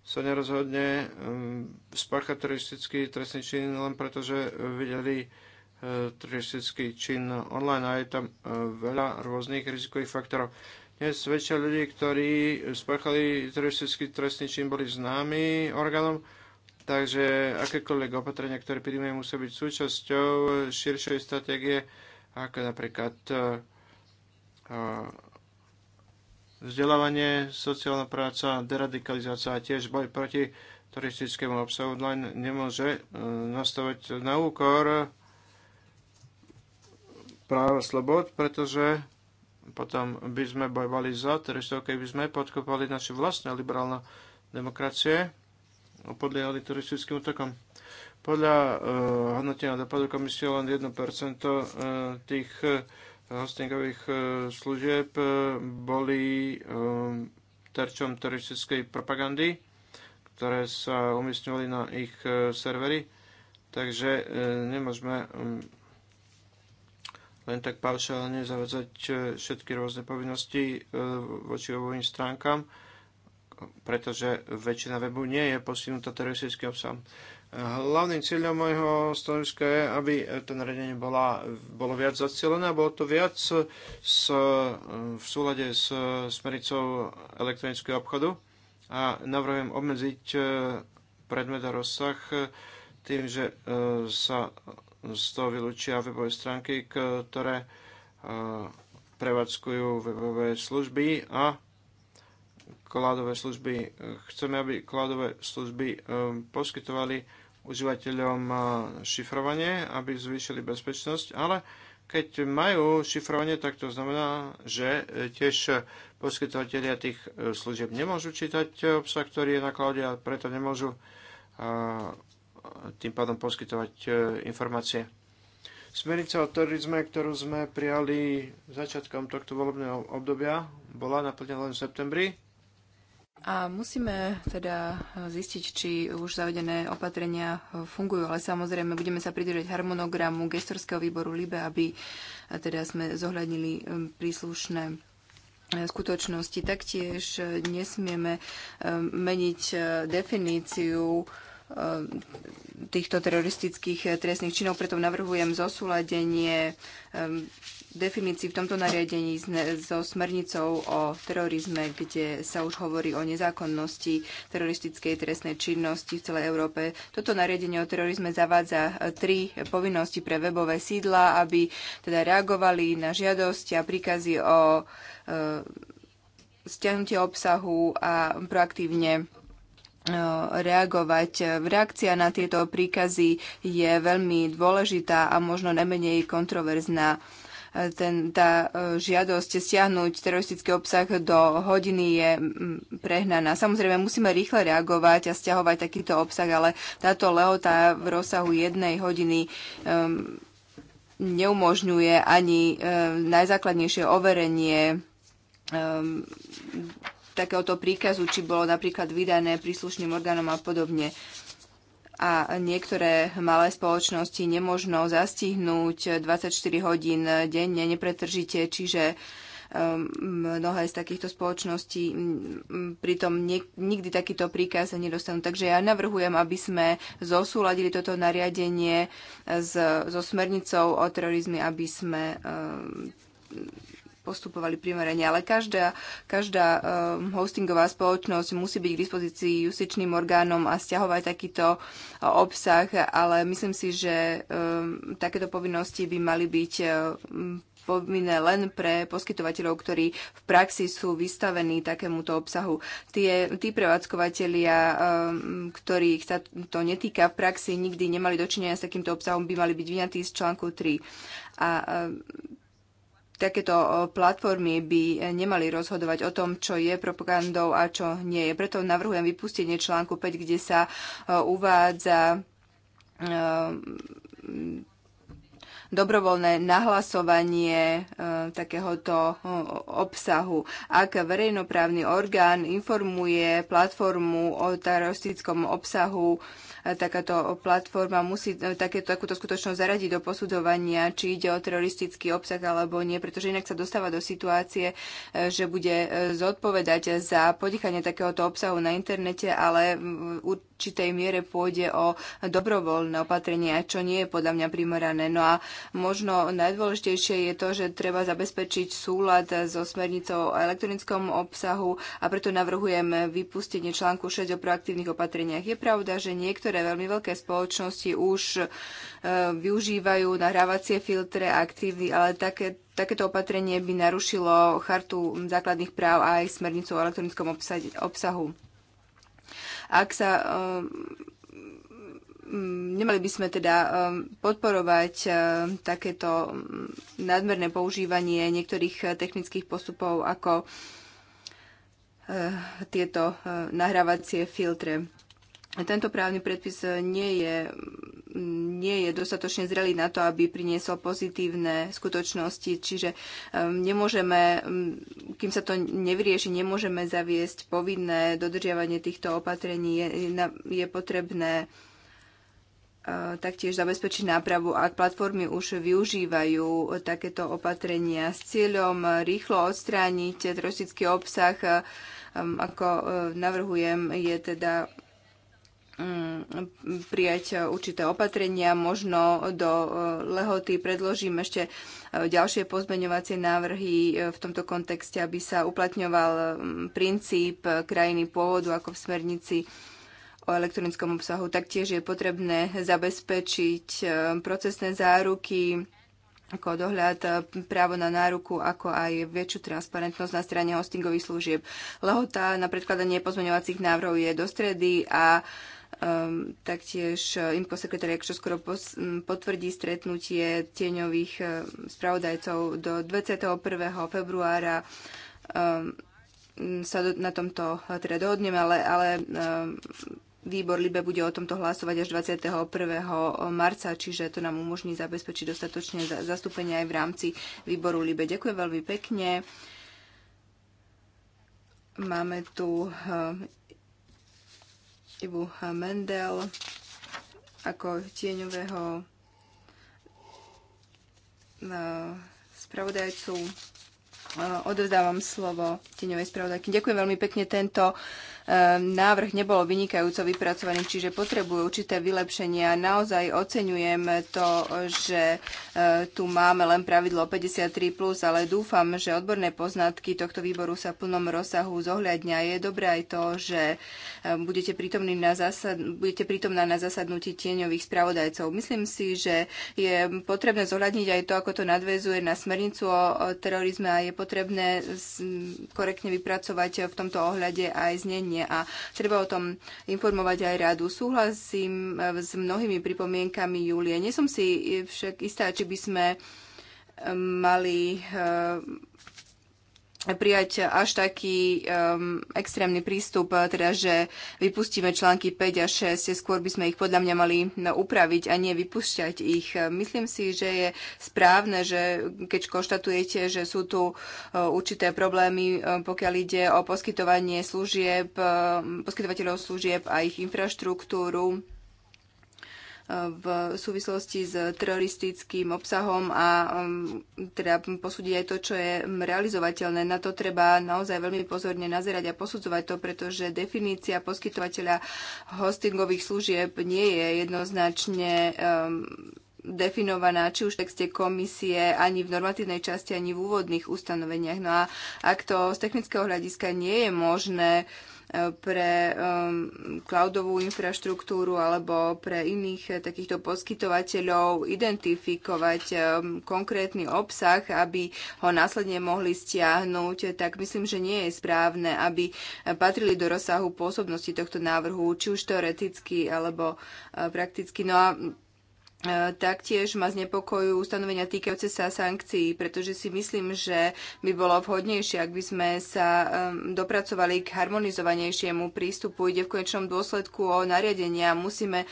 sa nerozhodne um, spáchať teroristický trestný čin len preto, že videli uh, teroristický čin online a je tam uh, veľa rôznych rizikových faktorov. Dnes väčšia ľudí, ktorí spáchali teroristický trestný čin, boli známi orgánom, takže akékoľvek opatrenia, ktoré príjme, musia byť súčasťou širšej stratégie, ako napríklad uh, Vzdelávanie, sociálna práca, deradikalizácia a tiež boj proti turistickému obsahu online nemôže e, nastavať na úkor práva slobod, pretože potom by sme bojovali za turistov, keby sme podkopali naše vlastné liberálne demokracie a podliehali turistickým útokom. Podľa uh, hodnotenia dopadu komisie len 1% e, tých uh, hostingových e, služieb e, boli e, terčom teroristickej propagandy, ktoré sa umiestňovali na ich servery. Takže nemôžeme mm, len tak paušálne zavedzať všetky rôzne povinnosti voči webovým stránkam, pretože väčšina webu nie je posunutá teroristickým obsahom. Hlavným cieľom môjho stanoviska je, aby to nariadenie bola, bolo viac zacielené a bolo to viac s, v súlade s smericou elektronického obchodu a navrhujem obmedziť e, predmet a rozsah e, tým, že e, sa z toho vylúčia webové stránky, ktoré prevádzkujú webové služby a kládové služby. Chceme, aby kládové služby poskytovali užívateľom e, šifrovanie, aby zvýšili bezpečnosť, ale keď majú šifrovanie, tak to znamená, že e, tiež poskytovateľia tých e, služieb nemôžu čítať obsah, ktorý je na cloude a preto nemôžu tým pádom poskytovať informácie. Smernica o terorizme, ktorú sme prijali začiatkom tohto volebného obdobia, bola naplnená len v septembri a musíme teda zistiť, či už zavedené opatrenia fungujú, ale samozrejme budeme sa pridržať harmonogramu gestorského výboru LIBE, aby teda sme zohľadnili um, príslušné um, skutočnosti. Taktiež nesmieme um, meniť uh, definíciu E, týchto teroristických e, trestných činov, preto navrhujem zosúladenie e, definícií v tomto nariadení so smernicou o terorizme, kde sa už hovorí o nezákonnosti teroristickej trestnej činnosti v celej Európe. Toto nariadenie o terorizme zavádza tri povinnosti pre webové sídla, aby teda reagovali na žiadosť a príkazy o stiahnutie obsahu a proaktívne reagovať. Reakcia na tieto príkazy je veľmi dôležitá a možno nemenej kontroverzná. Ten, tá žiadosť stiahnuť teroristický obsah do hodiny je prehnaná. Samozrejme, musíme rýchle reagovať a stiahovať takýto obsah, ale táto lehota v rozsahu jednej hodiny um, neumožňuje ani um, najzákladnejšie overenie um, takéhoto príkazu, či bolo napríklad vydané príslušným orgánom a podobne. A niektoré malé spoločnosti nemožno zastihnúť 24 hodín denne nepretržite, čiže um, mnohé z takýchto spoločností pritom nikdy takýto príkaz sa nedostanú. Takže ja navrhujem, aby sme zosúladili toto nariadenie so smernicou o terorizmi, aby sme um, postupovali primerene, ale každá, každá ehm, hostingová spoločnosť musí byť k dispozícii justičným orgánom a stiahovať takýto e, obsah, ale myslím si, že ehm, takéto povinnosti by mali byť e, povinné len pre poskytovateľov, ktorí v praxi sú vystavení takémuto obsahu. Tie, tí prevádzkovateľia, ehm, ktorých sa to netýka v praxi, nikdy nemali dočinenia s takýmto obsahom, by mali byť vyňatí z článku 3. A takéto platformy by e, nemali rozhodovať o tom, čo je propagandou a čo nie je. Preto navrhujem vypustenie článku 5, kde sa e, uvádza e, dobrovoľné nahlasovanie takéhoto obsahu. Ak verejnoprávny orgán informuje platformu o teroristickom obsahu, E, takáto platforma musí e, takúto skutočnosť zaradiť do posudzovania, či ide o teroristický obsah alebo nie, pretože inak sa dostáva do situácie, e, že bude zodpovedať za podýchanie takéhoto obsahu na internete, ale v určitej miere pôjde o dobrovoľné opatrenia, čo nie je podľa mňa primerané. No a možno najdôležitejšie je to, že treba zabezpečiť súlad so smernicou o elektronickom obsahu a preto navrhujem vypustenie článku 6 o proaktívnych opatreniach. Je pravda, že niektoré Niektoré veľmi veľké spoločnosti už e, využívajú nahrávacie filtre aktívny, ale také, takéto opatrenie by narušilo chartu základných práv a aj smernicu o elektronickom obsahu. Ak sa e, nemali by sme teda e, podporovať takéto nadmerné používanie niektorých technických postupov ako tieto nahrávacie filtre tento právny predpis eh, nie je, mm, nie je dostatočne zrelý na to, aby priniesol pozitívne skutočnosti, čiže ehm, nemôžeme, mm, kým sa to nevyrieši, nemôžeme zaviesť povinné dodržiavanie týchto opatrení. Je, je potrebné eh, taktiež zabezpečiť nápravu, ak platformy už využívajú takéto opatrenia s cieľom rýchlo odstrániť teroristický obsah, eh, ehm, ako navrhujem, je teda Mm, prijať určité opatrenia. Možno do eh, lehoty predložím ešte eh, ďalšie pozmeňovacie návrhy eh, v tomto kontexte, aby sa uplatňoval mm, princíp krajiny pôvodu ako v smernici o elektronickom obsahu. Taktiež je potrebné zabezpečiť procesné záruky ako dohľad, právo na náruku, ako aj väčšiu transparentnosť na strane hostingových služieb. Lehota na predkladanie pozmeňovacích návrhov je do stredy a Um, taktiež e, IMCO sekretariat čo skoro potvrdí stretnutie tieňových e, spravodajcov do 21. februára. Um, sa do, na tomto e, teda dohodneme, ale, ale um, výbor LIBE bude o tomto hlasovať až 21. marca, čiže to nám umožní zabezpečiť dostatočne zastúpenie aj v rámci výboru LIBE. Ďakujem veľmi pekne. Máme tu Ibu Mendel ako tieňového e, spravodajcu. E, odovzdávam slovo tieňovej spravodajky. Ďakujem veľmi pekne. Tento Ehm, návrh nebolo vynikajúco vypracovaný, čiže potrebujú určité vylepšenia. Naozaj oceňujem to, že eh, tu máme len pravidlo 53+, ale dúfam, že odborné poznatky tohto výboru sa v plnom rozsahu zohľadňa. Je dobré aj to, že ehm, budete, prítomní na zasad, budete prítomná na zasadnutí tieňových spravodajcov. Myslím si, že je potrebné zohľadniť aj to, ako to nadväzuje na smernicu o terorizme a je potrebné korektne vypracovať v tomto ohľade aj znenie riadenie a treba o tom informovať aj radu. Súhlasím e, s mnohými pripomienkami Julie. Nie som si e, však istá, či by sme e, mali prijať až taký um, extrémny prístup, teda že vypustíme články 5 a 6, skôr by sme ich podľa mňa mali no, upraviť a nie vypúšťať ich. Myslím si, že je správne, že keď konštatujete, že sú tu uh, určité problémy, uh, pokiaľ ide o poskytovanie služieb, um, poskytovateľov služieb a ich infraštruktúru, v súvislosti s teroristickým obsahom a um, teda posúdiť aj to, čo je realizovateľné. Na to treba naozaj veľmi pozorne nazerať a posudzovať to, pretože definícia poskytovateľa hostingových služieb nie je jednoznačne um, definovaná či už v texte komisie, ani v normatívnej časti, ani v úvodných ustanoveniach. No a ak to z technického hľadiska nie je možné uh, pre um, cloudovú infraštruktúru alebo pre iných eh, takýchto poskytovateľov identifikovať um, konkrétny obsah, aby ho následne mohli stiahnuť, tak myslím, že nie je správne, aby eh, patrili do rozsahu pôsobnosti tohto návrhu, či už teoreticky alebo eh, prakticky. No a E, taktiež ma znepokojujú ustanovenia týkajúce sa sankcií, pretože si myslím, že by bolo vhodnejšie, ak by sme sa dopracovali k harmonizovanejšiemu prístupu. Ide v konečnom dôsledku o nariadenia. Musíme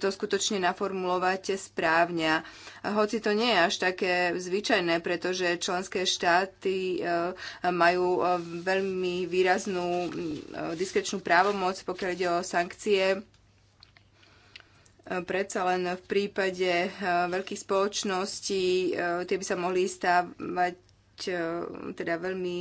to skutočne naformulovať správne. Hoci to nie je až také zvyčajné, pretože členské štáty e, majú e, veľmi výraznú diskrečnú právomoc, pokiaľ ide o sankcie predsa len v prípade eh, veľkých spoločností eh, tie by sa mohli stávať eh, teda veľmi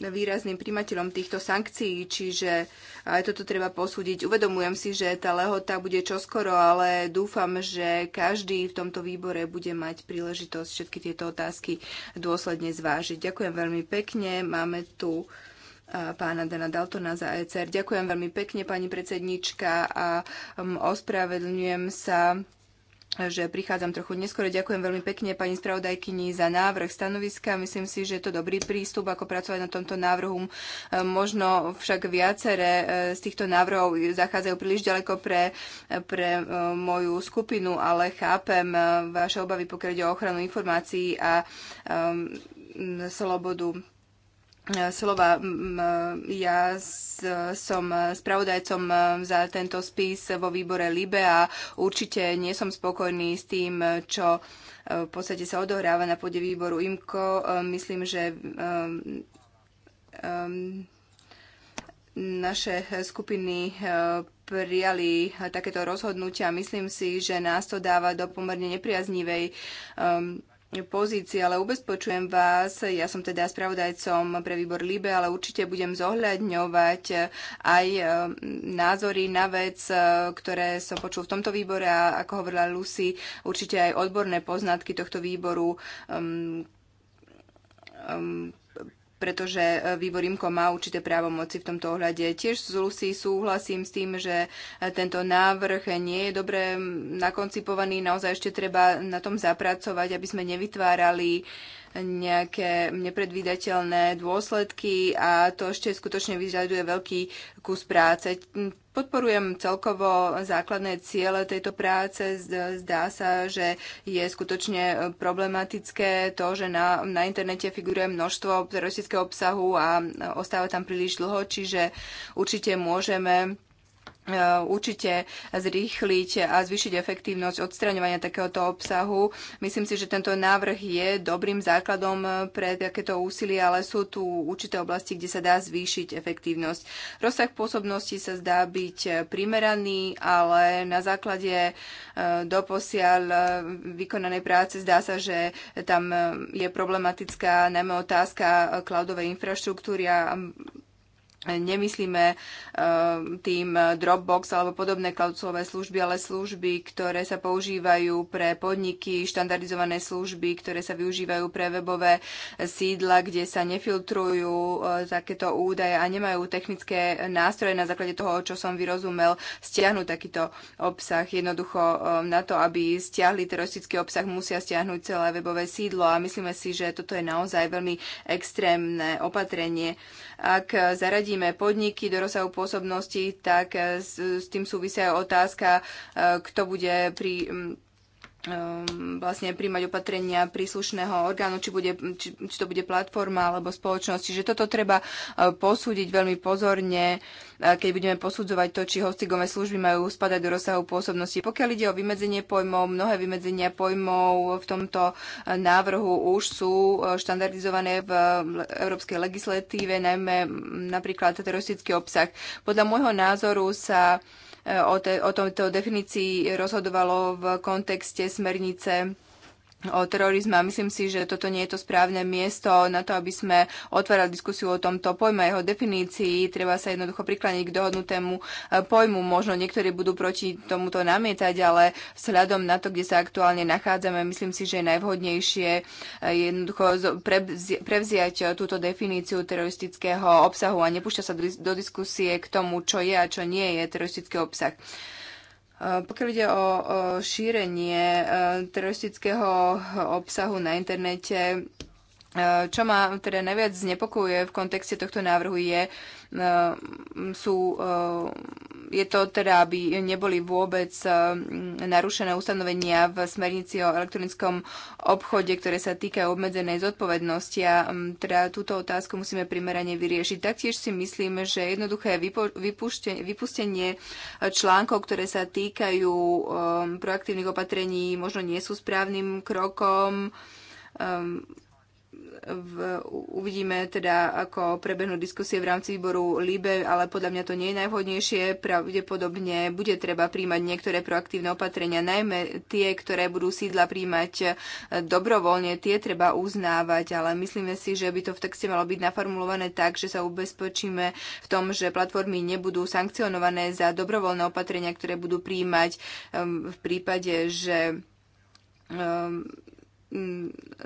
výrazným primateľom týchto sankcií, čiže aj toto treba posúdiť. Uvedomujem si, že tá lehota bude čoskoro, ale dúfam, že každý v tomto výbore bude mať príležitosť všetky tieto otázky dôsledne zvážiť. Ďakujem veľmi pekne. Máme tu pána Dana Daltona za ECR. Ďakujem veľmi pekne, pani predsednička, a um, ospravedlňujem sa že prichádzam trochu neskoro. Ďakujem veľmi pekne pani spravodajkyni za návrh stanoviska. Myslím si, že je to dobrý prístup, ako pracovať na tomto návrhu. Um, možno však viaceré eh, z týchto návrhov zachádzajú príliš ďaleko pre, pre eh, moju skupinu, ale chápem eh, vaše obavy, pokiaľ ide o ochranu informácií a um, slobodu E, slova. Ja som spravodajcom e, za tento spis vo výbore LIBE a určite nie som spokojný s tým, čo e, v podstate sa odohráva na pôde výboru IMKO. Myslím, že naše skupiny prijali takéto rozhodnutia. Myslím si, že nás to dáva do pomerne nepriaznivej um, pozícii, ale ubezpočujem vás, ja som teda spravodajcom pre výbor Libe, ale určite budem zohľadňovať eh, aj eh, názory na vec, eh, ktoré som počul v tomto výbore a ako hovorila Lucy, určite aj odborné poznatky tohto výboru, um, um, pretože e, výbor IMKO má určité právomoci v tomto ohľade. Tiež z Lucy súhlasím s tým, že e, tento návrh nie je dobre nakoncipovaný, naozaj ešte treba na tom zapracovať, aby sme nevytvárali uh, nejaké nepredvídateľné dôsledky a to ešte skutočne vyžaduje veľký kus práce. Podporujem celkovo základné ciele tejto práce. Zdá sa, že je skutočne problematické to, že na, na internete figuruje množstvo teroristického obsahu a ostáva tam príliš dlho, čiže určite môžeme E, určite zrýchliť a zvýšiť efektívnosť odstraňovania takéhoto obsahu. Myslím si, že tento návrh je dobrým základom e, pre takéto úsilie, ale sú tu určité oblasti, kde sa dá zvýšiť efektívnosť. Rozsah pôsobnosti sa zdá byť primeraný, ale na základe e, doposiaľ vykonanej práce zdá sa, že tam je problematická najmä otázka cloudovej infraštruktúry a nemyslíme eh, tým Dropbox alebo podobné cloudové služby, ale služby, ktoré sa používajú pre podniky, štandardizované služby, ktoré sa využívajú pre webové sídla, kde sa nefiltrujú eh, takéto údaje a nemajú technické nástroje na základe toho, čo som vyrozumel, stiahnuť takýto obsah. Jednoducho eh, na to, aby stiahli teroristický obsah, musia stiahnuť celé webové sídlo a myslíme si, že toto je naozaj veľmi extrémne opatrenie. Ak zaradíme podniky do rozsahu pôsobnosti, tak s, tým súvisia otázka, e, kto bude pri Ehm, vlastne príjmať opatrenia príslušného orgánu, či, bude, či, či to bude platforma alebo spoločnosť. Čiže toto treba e, posúdiť veľmi pozorne, e, keď budeme posudzovať to, či hostingové služby majú spadať do rozsahu pôsobnosti. Pokiaľ ide o vymedzenie pojmov, mnohé vymedzenia pojmov v tomto e, návrhu už sú štandardizované v európskej legislatíve, najmä napríklad teroristický obsah. Podľa môjho názoru sa O, te, o tomto definícii rozhodovalo v kontexte smernice o terorizme a myslím si, že toto nie je to správne miesto na to, aby sme otvárali diskusiu o tomto pojme a jeho definícii. Treba sa jednoducho priklaniť k dohodnutému e, pojmu. Možno niektorí budú proti tomuto namietať, ale vzhľadom na to, kde sa aktuálne nachádzame, myslím si, že je najvhodnejšie e, jednoducho prevziať e, túto definíciu teroristického obsahu a nepúšťa sa do diskusie k tomu, čo je a čo nie je teroristický obsah. Pokiaľ ide o šírenie e, teroristického obsahu na internete, e, čo ma teda najviac znepokojuje v kontexte tohto návrhu je, e, sú je to teda, aby neboli vôbec eh, narušené ustanovenia v smernici o elektronickom obchode, ktoré sa týkajú obmedzenej zodpovednosti a teda túto otázku musíme primerane vyriešiť. Taktiež si myslím, že jednoduché vypustenie eh, článkov, ktoré sa týkajú eh, proaktívnych opatrení, možno nie sú správnym krokom ehm, v, uvidíme teda, ako prebehnú diskusie v rámci výboru LIBE, ale podľa mňa to nie je najvhodnejšie. Pravdepodobne bude treba príjmať niektoré proaktívne opatrenia, najmä tie, ktoré budú sídla príjmať eh, dobrovoľne, tie treba uznávať, ale myslíme si, že by to v texte malo byť naformulované tak, že sa ubezpečíme v tom, že platformy nebudú sankcionované za dobrovoľné opatrenia, ktoré budú príjmať ehm, v prípade, že ehm,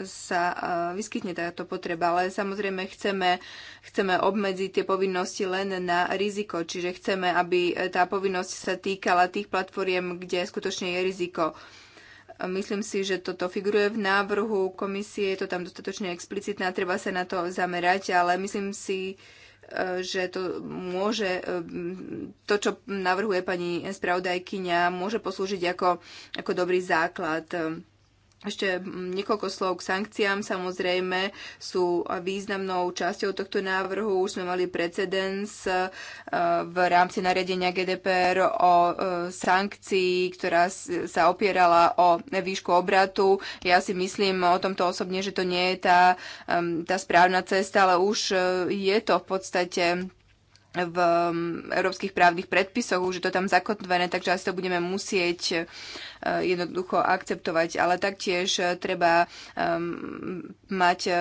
sa e, vyskytne táto potreba, ale samozrejme chceme, chceme obmedziť tie povinnosti len na riziko, čiže chceme, aby e, tá povinnosť sa týkala tých platformiem, kde skutočne je riziko. Myslím si, že toto figuruje v návrhu komisie, je to tam dostatočne explicitné a treba sa na to zamerať, ale myslím si, e, že to môže, to, čo navrhuje pani spravodajkyňa, môže poslúžiť ako, ako dobrý základ ešte mm, niekoľko slov k sankciám. Samozrejme sú významnou časťou tohto návrhu. Už sme mali precedens eh, v rámci nariadenia GDPR o eh, sankcii, ktorá sa opierala o výšku obratu. Ja si myslím o tomto osobne, že to nie je tá, tá správna cesta, ale už eh, je to v podstate v um, európskych právnych predpisoch, už je to tam zakotvené, takže asi to budeme musieť uh, jednoducho akceptovať. Ale taktiež uh, treba um, mať uh,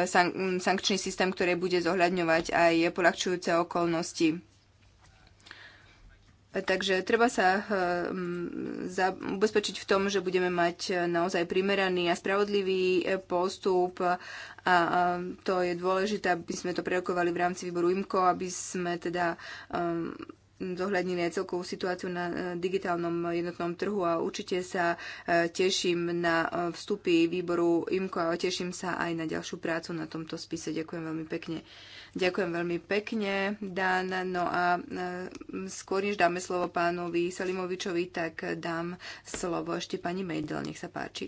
sankčný systém, ktorý bude zohľadňovať aj polahčujúce okolnosti. Takže treba sa ubezpečiť eh, v tom, že budeme mať eh, naozaj primeraný a spravodlivý eh, postup a to je dôležité, aby sme to prerokovali v rámci výboru IMCO, aby sme teda zohľadnili aj celkovú situáciu na digitálnom jednotnom trhu a určite sa teším na vstupy výboru IMCO a teším sa aj na ďalšiu prácu na tomto spise. Ďakujem veľmi pekne. Ďakujem veľmi pekne, Dan. No a e, skôr, než dáme slovo pánovi Salimovičovi, tak dám slovo ešte pani Mejdel. Nech sa páči.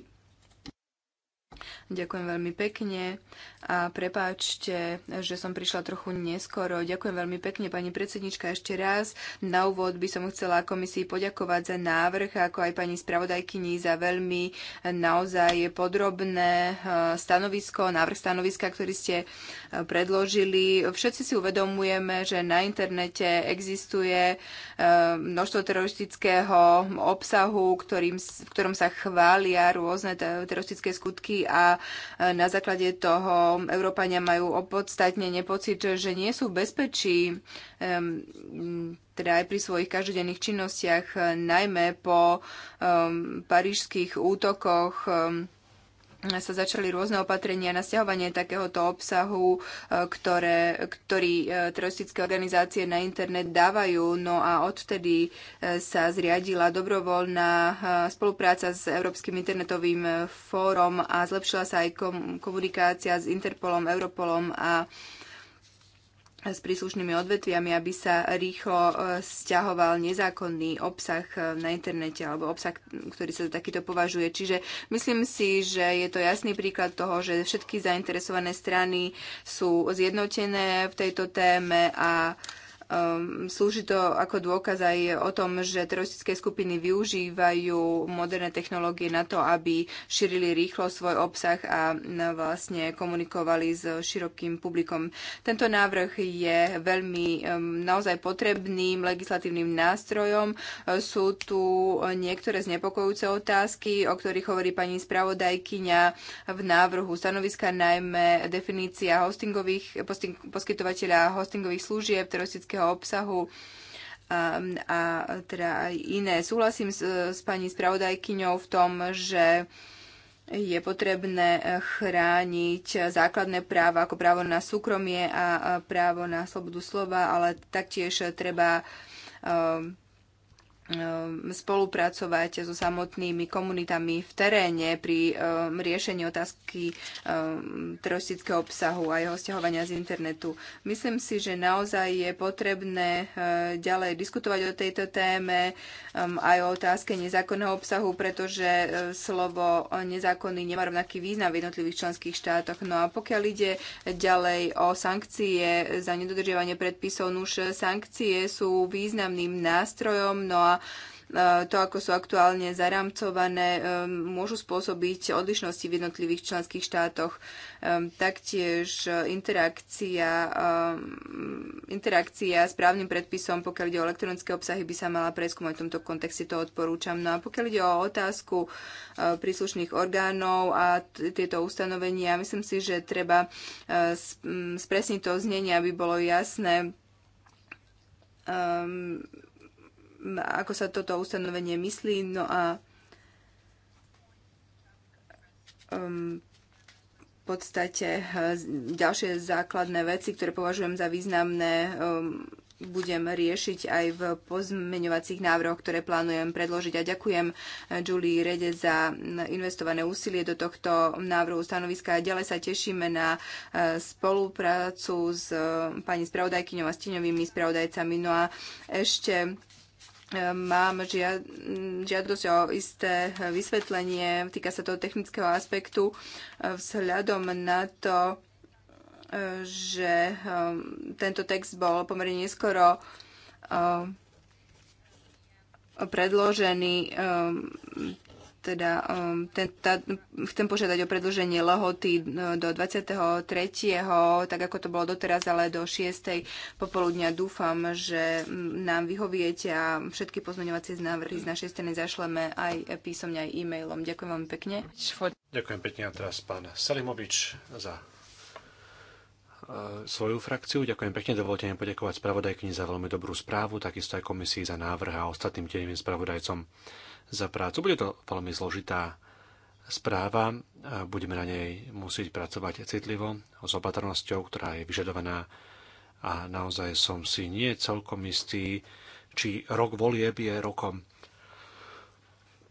Ďakujem veľmi pekne a prepáčte, že som prišla trochu neskoro. Ďakujem veľmi pekne, pani predsednička, ešte raz. Na úvod by som chcela komisii poďakovať za návrh, ako aj pani spravodajkyni za veľmi eh, naozaj podrobné eh, stanovisko, návrh stanoviska, ktorý ste eh, predložili. Všetci si uvedomujeme, že na internete existuje množstvo teroristického obsahu, ktorým, v ktorom sa chvália rôzne teroristické skutky a na základe toho Európania majú opodstatnenie pocit, že nie sú v bezpečí, teda aj pri svojich každodenných činnostiach, najmä po parížských útokoch sa začali rôzne opatrenia na stiahovanie takéhoto obsahu, e, ktoré, ktorý e, teroristické organizácie na internet dávajú. No a odvtedy e, sa zriadila dobrovoľná spolupráca s Európskym internetovým fórom a zlepšila sa aj komunikácia s Interpolom, Europolom a s príslušnými odvetviami, aby sa rýchlo e, stiahoval nezákonný obsah e, na internete alebo obsah, ktorý sa za takýto považuje. Čiže myslím si, že je to jasný príklad toho, že všetky zainteresované strany sú zjednotené v tejto téme a Um, slúži to ako dôkaz aj o tom, že teroristické skupiny využívajú moderné technológie na to, aby šírili rýchlo svoj obsah a no, vlastne komunikovali s širokým publikom. Tento návrh je veľmi um, naozaj potrebným legislatívnym nástrojom. Sú tu niektoré znepokojúce otázky, o ktorých hovorí pani spravodajkyňa v návrhu stanoviska, najmä definícia hostingových, posting, poskytovateľa hostingových služieb teroristického nejakého obsahu a, a teda aj iné. Súhlasím s, s pani spravodajkyňou v tom, že je potrebné chrániť základné práva ako právo na súkromie a právo na slobodu slova, ale taktiež treba um, Ehm, spolupracovať so samotnými komunitami v teréne pri ehm, riešení otázky ehm, teroristického obsahu a jeho stiahovania z internetu. Myslím si, že naozaj je potrebné ďalej diskutovať o tejto téme aj o otázke nezákonného obsahu, pretože slovo nezákonný nemá rovnaký význam v jednotlivých členských štátoch. No a pokiaľ ide ďalej o sankcie za nedodržiavanie predpisov, už sankcie sú významným nástrojom, no a a e, to, ako sú aktuálne zaramcované, e, môžu spôsobiť odlišnosti v jednotlivých členských štátoch. E, taktiež interakcia, interakcia s právnym predpisom, pokiaľ ide o elektronické obsahy, by sa mala preskúmať v tomto kontexte, to odporúčam. No a pokiaľ ide o otázku príslušných orgánov a tieto ustanovenia, myslím si, že treba spresniť to znenie, aby bolo jasné, ehm, ako sa toto ustanovenie myslí. No a um, v podstate eh, ďalšie základné veci, ktoré považujem za významné, um, budem riešiť aj v pozmeňovacích návrhoch, ktoré plánujem predložiť. A ďakujem eh, Julie Rede za mm, investované úsilie do tohto návrhu stanoviska. Ďalej sa tešíme na eh, spoluprácu s pani spravodajkyňou a s tieňovými spravodajcami. No a ešte Mám žiadosť o isté vysvetlenie, týka sa toho technického aspektu, vzhľadom na to, že ehm, tento text bol pomerne neskoro ehm, predložený ehm, teda um, ten, tá, chcem požiadať o predlženie lehoty uh, do 23. tak ako to bolo doteraz, ale do 6. popoludňa dúfam, že mm, nám vyhoviete a všetky pozmeňovacie návrhy z našej strany zašleme aj písomne, aj e-mailom. Ďakujem vám pekne. Ďakujem pekne a teraz pán Salimovič za uh, svoju frakciu. Ďakujem pekne, dovolte mi poďakovať spravodajkyni za veľmi dobrú správu, takisto aj komisii za návrh a ostatným tieňovým spravodajcom za prácu. Bude to veľmi zložitá správa, budeme na nej musieť pracovať citlivo, s opatrnosťou, ktorá je vyžadovaná a naozaj som si nie celkom istý, či rok volieb je rokom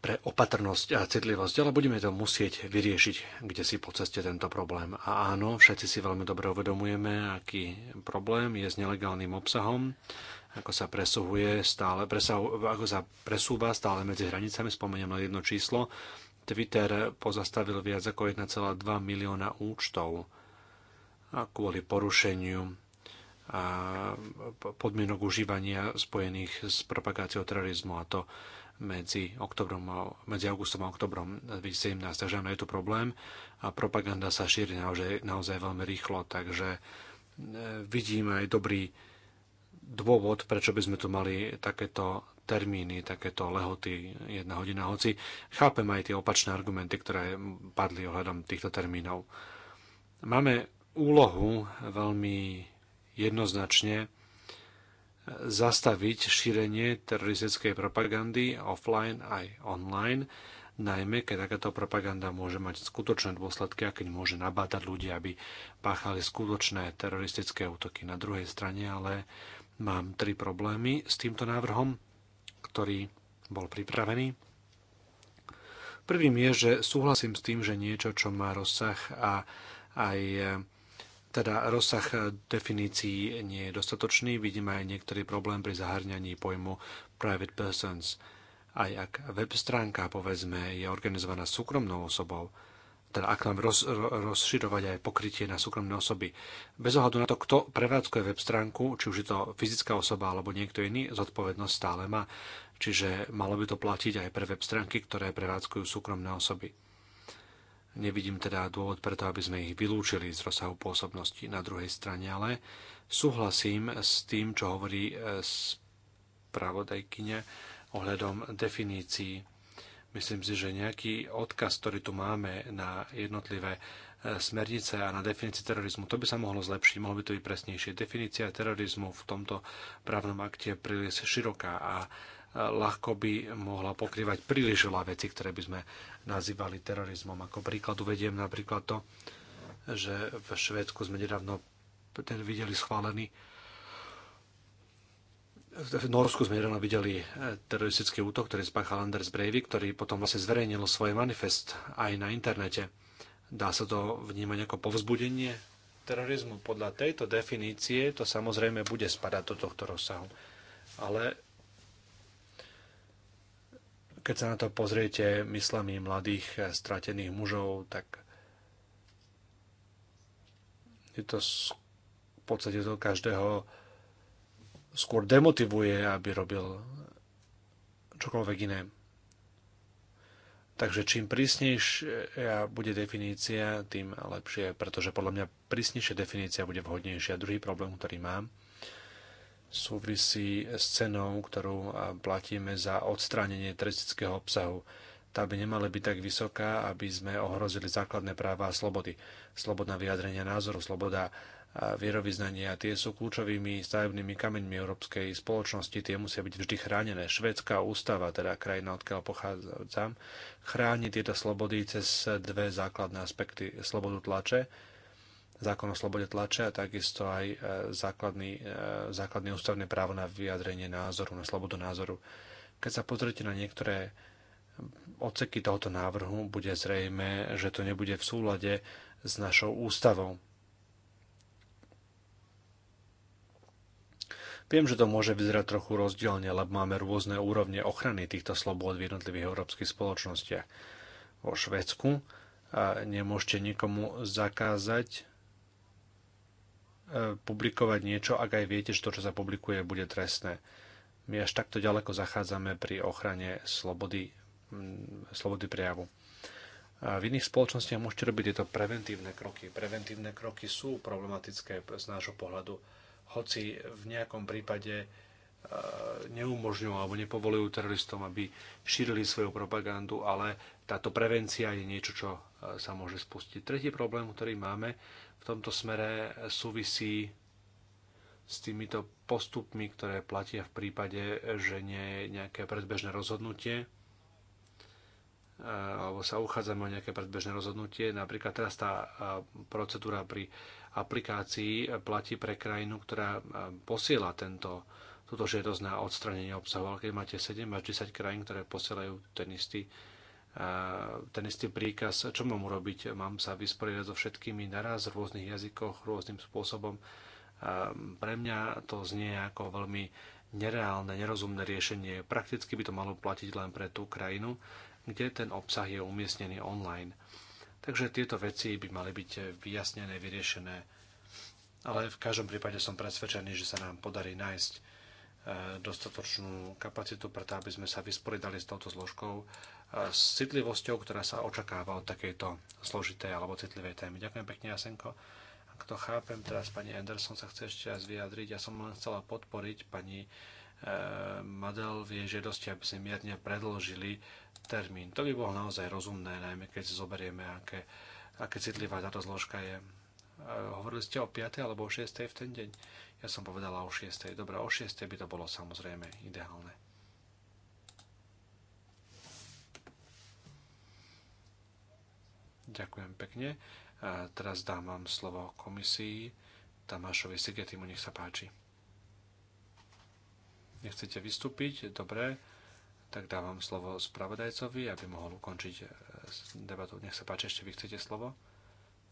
pre opatrnosť a citlivosť, ale budeme to musieť vyriešiť, kde si po ceste tento problém. A áno, všetci si veľmi dobre uvedomujeme, aký problém je s nelegálnym obsahom ako sa presúvuje stále, ako sa presúva stále medzi hranicami, spomeniem len jedno číslo. Twitter pozastavil viac ako 1,2 milióna účtov kvôli porušeniu a podmienok užívania spojených s propagáciou terorizmu a to medzi, oktobrom medzi augustom a oktobrom 2017. Takže áno, je tu problém a propaganda sa šíri naozaj, naozaj veľmi rýchlo, takže e, vidím aj dobrý dôvod, prečo by sme tu mali takéto termíny, takéto lehoty, jedna hodina, hoci chápem aj tie opačné argumenty, ktoré padli ohľadom týchto termínov. Máme úlohu veľmi jednoznačne zastaviť šírenie teroristickej propagandy offline aj online, najmä keď takáto propaganda môže mať skutočné dôsledky a keď môže nabátať ľudia, aby páchali skutočné teroristické útoky na druhej strane, ale Mám tri problémy s týmto návrhom, ktorý bol pripravený. Prvým je, že súhlasím s tým, že niečo, čo má rozsah a aj teda rozsah definícií nie je dostatočný. Vidím aj niektorý problém pri zahrňaní pojmu private persons. Aj ak web stránka, povedzme, je organizovaná súkromnou osobou, teda ak nám roz, rozširovať aj pokrytie na súkromné osoby. Bez ohľadu na to, kto prevádzkuje web stránku, či už je to fyzická osoba alebo niekto iný, zodpovednosť stále má. Čiže malo by to platiť aj pre web stránky, ktoré prevádzkujú súkromné osoby. Nevidím teda dôvod preto, aby sme ich vylúčili z rozsahu pôsobnosti na druhej strane, ale súhlasím s tým, čo hovorí eh, spravodajkyne ohľadom definícií Myslím si, že nejaký odkaz, ktorý tu máme na jednotlivé e, smernice a na definíciu terorizmu. To by sa mohlo zlepšiť, mohlo by to byť presnejšie. Definícia terorizmu v tomto právnom akte je príliš široká a e, ľahko by mohla pokrývať príliš veľa veci, ktoré by sme nazývali terorizmom. Ako príklad uvediem napríklad to, že v Švédsku sme nedávno videli schválený v Norsku sme nedávno videli e, teroristický útok, ktorý spáchal Anders Breivik, ktorý potom vlastne zverejnil svoj manifest aj na internete. Dá sa to vnímať ako povzbudenie terorizmu. Podľa tejto definície to samozrejme bude spadať do tohto rozsahu. Ale keď sa na to pozriete myslami mladých e, stratených mužov, tak je to v podstate do každého skôr demotivuje, aby robil čokoľvek iné. Takže čím prísnejšia bude definícia, tým lepšie, pretože podľa mňa prísnejšia definícia bude vhodnejšia. Druhý problém, ktorý mám, súvisí s cenou, ktorú platíme za odstránenie teroristického obsahu. Tá by nemala byť tak vysoká, aby sme ohrozili základné práva a slobody. Slobodná vyjadrenia názoru, sloboda vierovýznania. Tie sú kľúčovými stavebnými kameňmi európskej spoločnosti, tie musia byť vždy chránené. Švedská ústava, teda krajina, odkiaľ pochádzam, chráni tieto slobody cez dve základné aspekty. Slobodu tlače, zákon o slobode tlače a takisto aj e, základný, e, základné ústavné právo na vyjadrenie názoru, na slobodu názoru. Keď sa pozrite na niektoré odseky tohoto návrhu, bude zrejme, že to nebude v súlade s našou ústavou. Viem, že to môže vyzerať trochu rozdielne, lebo máme rôzne úrovne ochrany týchto slobôd v jednotlivých európskych spoločnostiach. Vo Švedsku nemôžete nikomu zakázať e, publikovať niečo, ak aj viete, že to, čo sa publikuje, bude trestné. My až takto ďaleko zachádzame pri ochrane slobody, slobody prejavu. A v iných spoločnostiach môžete robiť tieto preventívne kroky. Preventívne kroky sú problematické z nášho pohľadu hoci v nejakom prípade e, neumožňujú alebo nepovolujú teroristom, aby šírili svoju propagandu, ale táto prevencia je niečo, čo e, sa môže spustiť. Tretí problém, ktorý máme v tomto smere, súvisí s týmito postupmi, ktoré platia v prípade, že nie je nejaké predbežné rozhodnutie e, alebo sa uchádzame o nejaké predbežné rozhodnutie. Napríklad teraz tá procedúra pri aplikácií platí pre krajinu, ktorá e, posiela tento, túto žiadosť na odstranenie obsahu. Ale keď máte 7 až 10 krajín, ktoré posielajú ten istý, e, ten istý príkaz, čo mám urobiť? Mám sa vysporiadať so všetkými naraz v rôznych jazykoch, rôznym spôsobom. E, pre mňa to znie ako veľmi nereálne, nerozumné riešenie. Prakticky by to malo platiť len pre tú krajinu, kde ten obsah je umiestnený online. Takže tieto veci by mali byť vyjasnené, vyriešené. Ale v každom prípade som presvedčený, že sa nám podarí nájsť e, dostatočnú kapacitu preto, aby sme sa vysporiadali s touto zložkou e, s citlivosťou, ktorá sa očakáva od takejto zložitej alebo citlivej témy. Ďakujem pekne, Jasenko. Ak to chápem, teraz pani Anderson sa chce ešte raz vyjadriť. Ja som len chcela podporiť pani Eh, Madel vie žiadosti, aby sme mierne predložili termín. To by bolo naozaj rozumné, najmä keď zoberieme, aké, aké citlivá táto zložka je. Eh, hovorili ste o 5. alebo o 6. v ten deň? Ja som povedala o 6. Dobre, o 6. by to bolo samozrejme ideálne. Ďakujem pekne. A eh, teraz dám vám slovo komisii. Tamášovi Sigetimu, nech sa páči. Nechcete vystúpiť? Dobre. Tak dávam slovo spravodajcovi, aby mohol ukončiť e, debatu. Nech sa páči, ešte vy chcete slovo?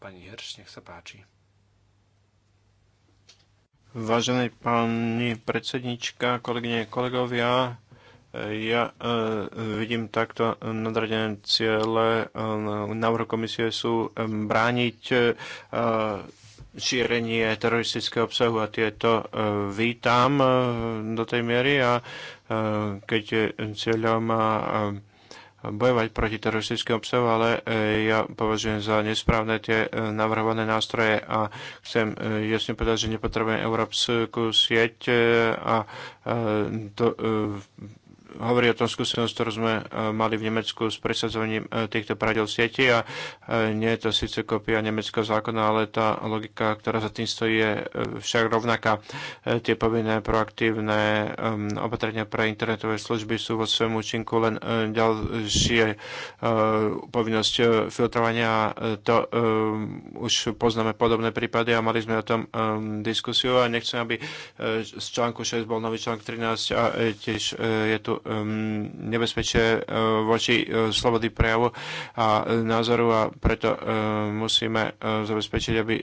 Pani Hirš, nech sa páči. Vážený pani predsednička, kolegyne, kolegovia, ja e, vidím takto nadradené ciele. E, návrhu komisie sú e, brániť šírenie teroristického obsahu a tieto e, vítam e, do tej miery a e, keď cieľom bojovať proti teroristickému obsahu, ale ja považujem za nesprávne tie navrhované nástroje a chcem jasne povedať, že nepotrebujem európsku sieť a to hovorí o tom skúsenosť, ktorú sme e, mali v Nemecku s presadzovaním e, týchto pravidel sieti a e, nie je to síce kopia nemeckého zákona, ale tá logika, ktorá za tým stojí, je však rovnaká. Tie povinné proaktívne opatrenia pre internetové služby sú vo svojom účinku len ďalšie povinnosť filtrovania. To už poznáme podobné prípady a mali sme o tom diskusiu a nechcem, aby z článku 6 bol nový článok 13 a tiež je tu Um, nebezpečie uh, voči uh, slobody prejavu a uh, názoru a preto musíme zabezpečiť, aby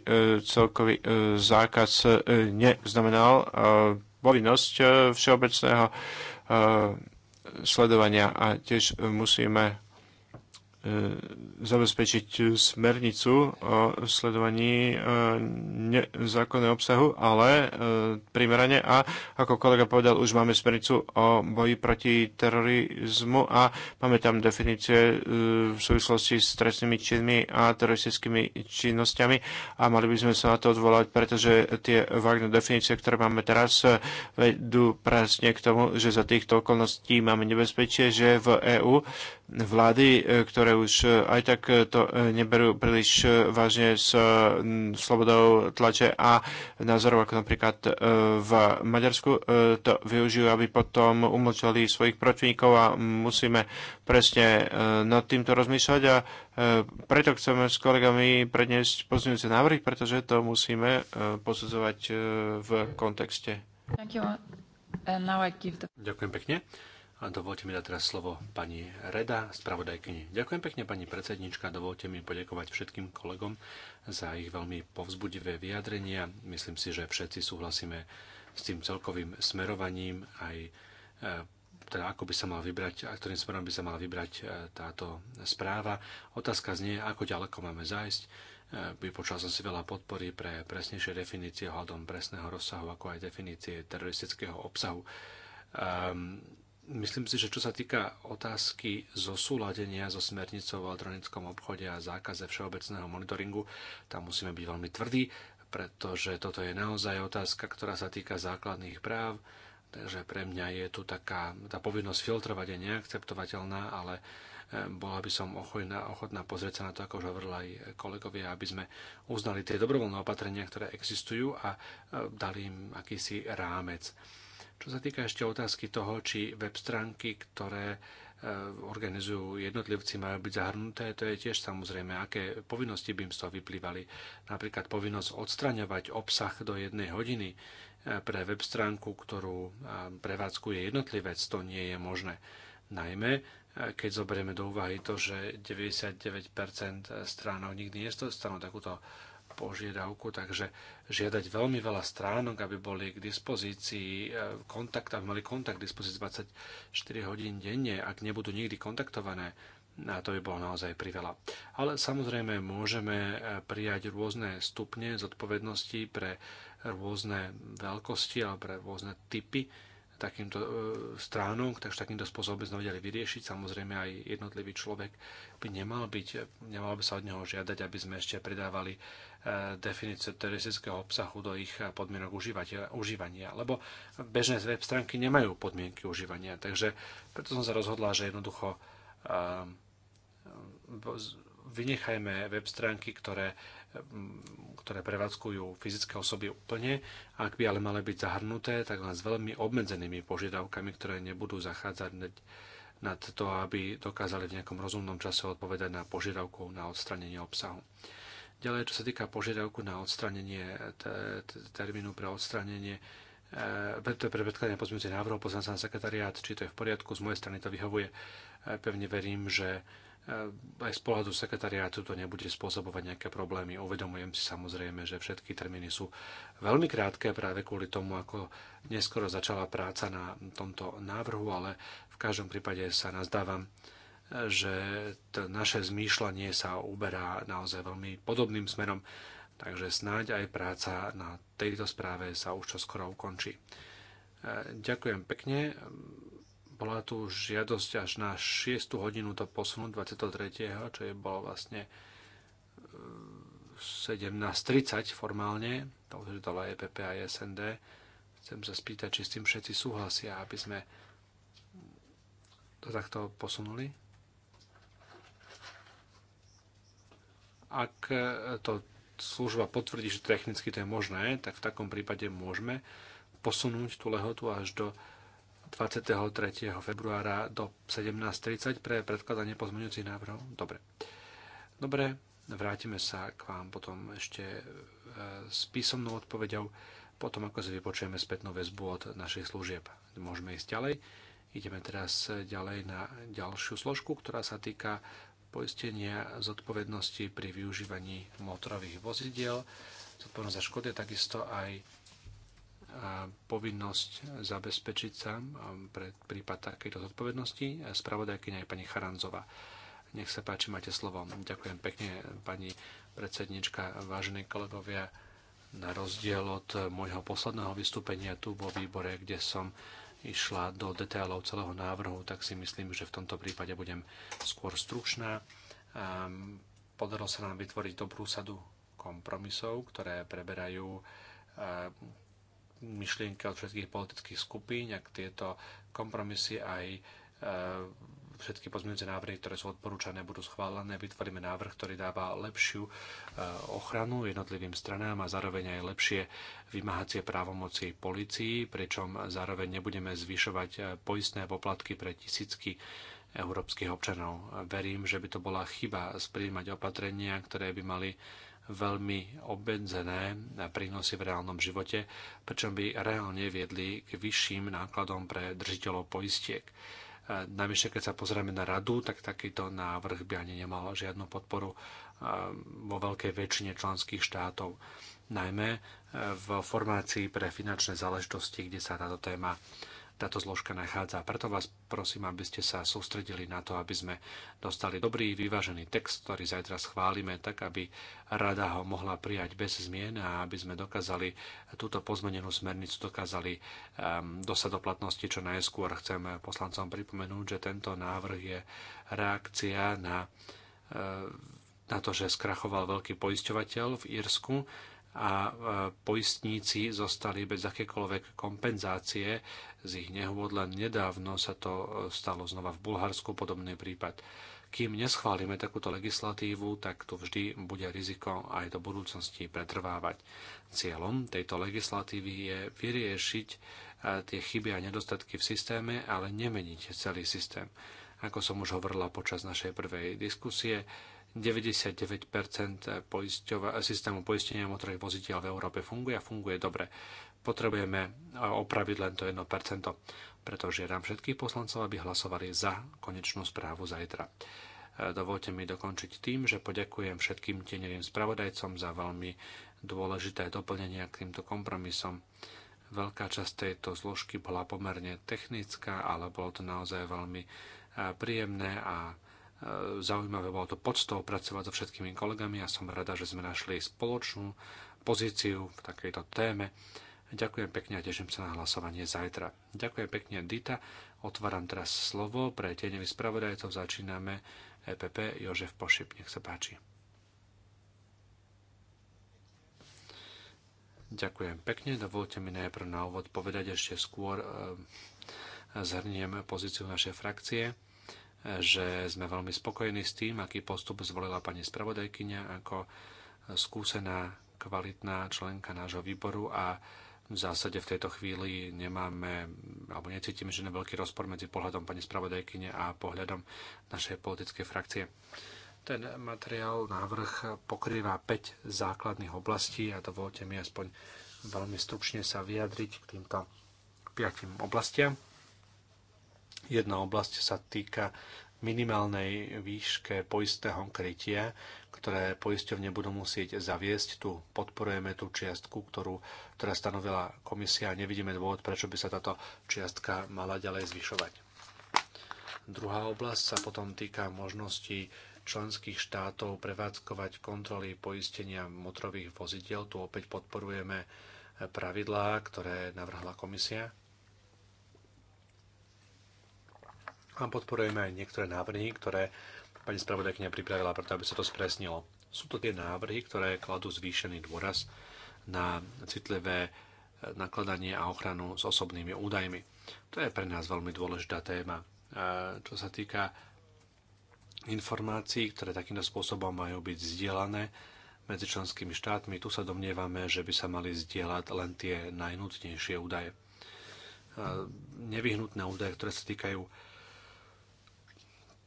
celkový zákaz neznamenal povinnosť všeobecného sledovania a tiež musíme E, zabezpečiť smernicu o sledovaní e, nezákonného obsahu, ale e, primerane a ako kolega povedal, už máme smernicu o boji proti terorizmu a máme tam definície v súvislosti s trestnými činmi a teroristickými činnosťami a mali by sme sa na to odvolať, pretože tie vágne definície, ktoré máme teraz, vedú presne k tomu, že za týchto okolností máme nebezpečie, že v EÚ vlády, ktoré ktoré už e, aj tak e, to e, neberú príliš vážne s slobodou tlače a názorov, ako napríklad v Maďarsku to využijú, aby potom umlčali svojich protivníkov a musíme presne nad týmto rozmýšľať a preto chceme s kolegami predniesť pozdňujúce návrhy, pretože to musíme posudzovať v kontexte. Ďakujem pekne. A dovolte mi dať teraz slovo pani Reda, spravodajkyni. Ďakujem pekne, pani predsednička. Dovolte mi poďakovať všetkým kolegom za ich veľmi povzbudivé vyjadrenia. Myslím si, že všetci súhlasíme s tým celkovým smerovaním aj e, teda ako by sa mal vybrať, a ktorým smerom by sa mala vybrať e, táto správa. Otázka znie, ako ďaleko máme zájsť. E, Vypočal som si veľa podpory pre presnejšie definície hľadom presného rozsahu, ako aj definície teroristického obsahu. Um, Myslím si, že čo sa týka otázky zosúladenia so smernicou v elektronickom obchode a zákaze všeobecného monitoringu, tam musíme byť veľmi tvrdí, pretože toto je naozaj otázka, ktorá sa týka základných práv, takže pre mňa je tu taká, tá povinnosť filtrovať je neakceptovateľná, ale e, bola by som ochotná, ochotná pozrieť sa na to, ako už hovorila aj kolegovia, aby sme uznali tie dobrovoľné opatrenia, ktoré existujú a e, dali im akýsi rámec. Čo sa týka ešte otázky toho, či web stránky, ktoré e, organizujú jednotlivci, majú byť zahrnuté, to je tiež samozrejme, aké povinnosti by im z toho vyplývali. Napríklad povinnosť odstraňovať obsah do jednej hodiny e, pre web stránku, ktorú e, prevádzkuje jednotlivec, to nie je možné. Najmä, keď zoberieme do úvahy to, že 99% stránov nikdy nedostanú takúto požiadavku, takže žiadať veľmi veľa stránok, aby boli k dispozícii e, kontakt, aby mali kontakt k dispozícii 24 hodín denne, ak nebudú nikdy kontaktované, a to by bolo naozaj priveľa. Ale samozrejme môžeme e, prijať rôzne stupne zodpovednosti pre rôzne veľkosti alebo pre rôzne typy takýmto e, stránok, takže takýmto spôsobom by sme vedeli vyriešiť. Samozrejme aj jednotlivý človek by nemal, byť, nemal by sa od neho žiadať, aby sme ešte pridávali definície teroristického obsahu do ich podmienok užívania, lebo bežné web stránky nemajú podmienky užívania. Takže preto som sa rozhodla, že jednoducho ehm, vynechajme web stránky, ktoré, ehm, ktoré prevádzkujú fyzické osoby úplne. Ak by ale mali byť zahrnuté, tak len s veľmi obmedzenými požiadavkami, ktoré nebudú zachádzať nad to, aby dokázali v nejakom rozumnom čase odpovedať na požiadavku na odstranenie obsahu. Ďalej, čo sa týka požiadavku na odstranenie, termínu pre odstranenie, eh, pre, pre predkladanie pozmeňujúcej návrhu poznám sa na sekretariát, či to je v poriadku, z mojej strany to vyhovuje. Eh, pevne verím, že eh, aj z pohľadu sekretariátu to nebude spôsobovať nejaké problémy. Uvedomujem si samozrejme, že všetky termíny sú veľmi krátke práve kvôli tomu, ako neskoro začala práca na tomto návrhu, ale v každom prípade sa nazdávam, že to naše zmýšľanie sa uberá naozaj veľmi podobným smerom, takže snáď aj práca na tejto správe sa už čoskoro ukončí. E, ďakujem pekne. Bola tu žiadosť až na 6 hodinu to posunúť 23., čo je bolo vlastne 17.30 e, formálne, to už dala EPP a e SND. Chcem sa spýtať, či s tým všetci súhlasia, aby sme to takto posunuli. Ak e, to služba potvrdí, že technicky to je možné, tak v takom prípade môžeme posunúť tú lehotu až do 23. februára do 17.30 pre predkladanie pozmeňujúcich návrhov. Dobre. Dobre, vrátime sa k vám potom ešte e, s písomnou odpoveďou, potom ako si vypočujeme spätnú väzbu od našich služieb. Môžeme ísť ďalej. Ideme teraz e, ďalej na ďalšiu složku, ktorá sa týka poistenia zodpovednosti pri využívaní motorových vozidiel. Zodpovednosť za škody je takisto aj povinnosť zabezpečiť sa pre prípad takejto zodpovednosti. Spravodajkyňa je pani Charanzová. Nech sa páči, máte slovo. Ďakujem pekne, pani predsednička, vážení kolegovia. Na rozdiel od môjho posledného vystúpenia tu vo výbore, kde som išla do detailov celého návrhu, tak si myslím, že v tomto prípade budem skôr stručná. Ehm, podarilo sa nám vytvoriť dobrú sadu kompromisov, ktoré preberajú ehm, myšlienky od všetkých politických skupín, ak tieto kompromisy aj ehm, všetky pozmeňujúce návrhy, ktoré sú odporúčané, budú schválené. Vytvoríme návrh, ktorý dáva lepšiu e, ochranu jednotlivým stranám a zároveň aj lepšie vymáhacie právomoci policií, pričom zároveň nebudeme zvyšovať e, poistné poplatky pre tisícky európskych občanov. Verím, že by to bola chyba spríjmať opatrenia, ktoré by mali veľmi obmedzené prínosy v reálnom živote, pričom by reálne viedli k vyšším nákladom pre držiteľov poistiek. Najvyššie, keď sa pozrieme na radu, tak takýto návrh by ani nemal žiadnu podporu vo veľkej väčšine členských štátov, najmä e, v formácii pre finančné záležitosti, kde sa táto téma táto zložka nachádza. Preto vás prosím, aby ste sa sústredili na to, aby sme dostali dobrý, vyvážený text, ktorý zajtra schválime, tak aby rada ho mohla prijať bez zmien a aby sme dokázali túto pozmenenú smernicu dokázali um, ehm, dosať do platnosti čo najskôr. Chcem poslancom pripomenúť, že tento návrh je reakcia na, ehm, na to, že skrachoval veľký poisťovateľ v Írsku, a e, poistníci zostali bez akékoľvek kompenzácie z ich nehôd, len nedávno sa to e, stalo znova v Bulharsku, podobný prípad. Kým neschválime takúto legislatívu, tak tu vždy bude riziko aj do budúcnosti pretrvávať. Cieľom tejto legislatívy je vyriešiť e, tie chyby a nedostatky v systéme, ale nemeniť celý systém. Ako som už hovorila počas našej prvej diskusie, 99% poisťova, systému poistenia motorových vozidiel v Európe funguje a funguje dobre. Potrebujeme e, opraviť len to 1%, pretože nám všetkých poslancov, aby hlasovali za konečnú správu zajtra. E, dovolte mi dokončiť tým, že poďakujem všetkým tenerým spravodajcom za veľmi dôležité doplnenia k týmto kompromisom. Veľká časť tejto zložky bola pomerne technická, ale bolo to naozaj veľmi e, príjemné a E, zaujímavé bolo to podstou pracovať so všetkými kolegami a som rada, že sme našli spoločnú pozíciu v takejto téme. Ďakujem pekne a teším sa na hlasovanie zajtra. Ďakujem pekne, Dita. Otváram teraz slovo pre tieňových spravodajcov. Začíname EPP Jožef Pošip. Nech sa páči. Ďakujem pekne. Dovolte mi najprv na úvod povedať ešte skôr e, zhrniem pozíciu našej frakcie že sme veľmi spokojní s tým, aký postup zvolila pani spravodajkyňa ako skúsená, kvalitná členka nášho výboru a v zásade v tejto chvíli nemáme, alebo necítime, že je veľký rozpor medzi pohľadom pani spravodajkyne a pohľadom našej politickej frakcie. Ten materiál, návrh pokrýva 5 základných oblastí a dovolte mi aspoň veľmi stručne sa vyjadriť k týmto 5 oblastiam. Jedna oblasť sa týka minimálnej výške poistného krytia, ktoré poisťovne budú musieť zaviesť. Tu podporujeme tú čiastku, ktorú, ktorá stanovila komisia a nevidíme dôvod, prečo by sa táto čiastka mala ďalej zvyšovať. Druhá oblasť sa potom týka možností členských štátov prevádzkovať kontroly poistenia motorových vozidiel. Tu opäť podporujeme pravidlá, ktoré navrhla komisia. podporujeme aj niektoré návrhy, ktoré pani spravodajkňa pripravila, preto aby sa to spresnilo. Sú to tie návrhy, ktoré kladú zvýšený dôraz na citlivé e, nakladanie a ochranu s osobnými údajmi. To je pre nás veľmi dôležitá téma. E, čo sa týka informácií, ktoré takýmto spôsobom majú byť zdieľané, medzi členskými štátmi, tu sa domnievame, že by sa mali zdieľať len tie najnutnejšie údaje. E, nevyhnutné údaje, ktoré sa týkajú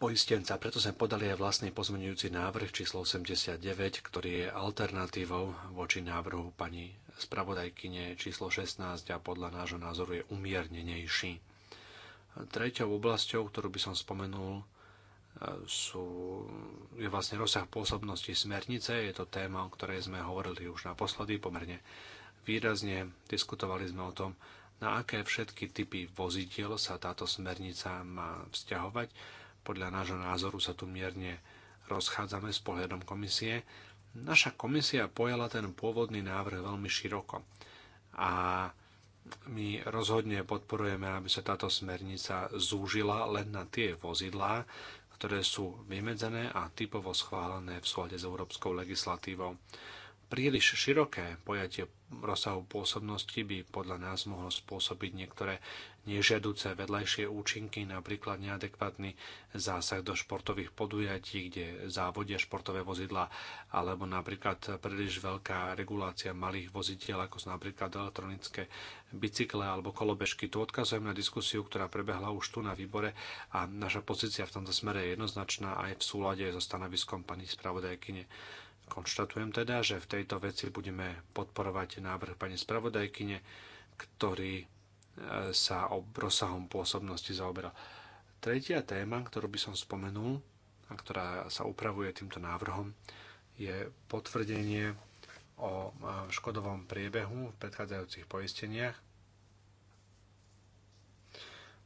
poistenca. Preto sme podali aj vlastný pozmenujúci návrh číslo 89, ktorý je alternatívou voči návrhu pani spravodajkyne číslo 16 a podľa nášho názoru je umiernenejší. Treťou oblasťou, ktorú by som spomenul, e, sú, je vlastne rozsah pôsobnosti smernice. Je to téma, o ktorej sme hovorili už naposledy pomerne výrazne. Diskutovali sme o tom, na aké všetky typy vozidiel sa táto smernica má vzťahovať podľa nášho názoru sa tu mierne rozchádzame s pohľadom komisie. Naša komisia pojala ten pôvodný návrh veľmi široko a my rozhodne podporujeme, aby sa táto smernica zúžila len na tie vozidlá, ktoré sú vymedzené a typovo schválené v súlade s európskou legislatívou. Príliš široké pojatie rozsahu pôsobnosti by podľa nás mohlo spôsobiť niektoré nežiaduce vedľajšie účinky, napríklad neadekvátny zásah do športových podujatí, kde závodia športové vozidla, alebo napríklad príliš veľká regulácia malých vozidiel, ako sú napríklad elektronické bicykle alebo kolobežky. Tu odkazujem na diskusiu, ktorá prebehla už tu na výbore a naša pozícia v tomto smere je jednoznačná aj v súlade so stanoviskom pani spravodajkyne. Konštatujem teda, že v tejto veci budeme podporovať návrh pani spravodajkyne, ktorý e, sa rozsahom pôsobnosti zaoberal. Tretia téma, ktorú by som spomenul a ktorá sa upravuje týmto návrhom, je potvrdenie o e, škodovom priebehu v predchádzajúcich poisteniach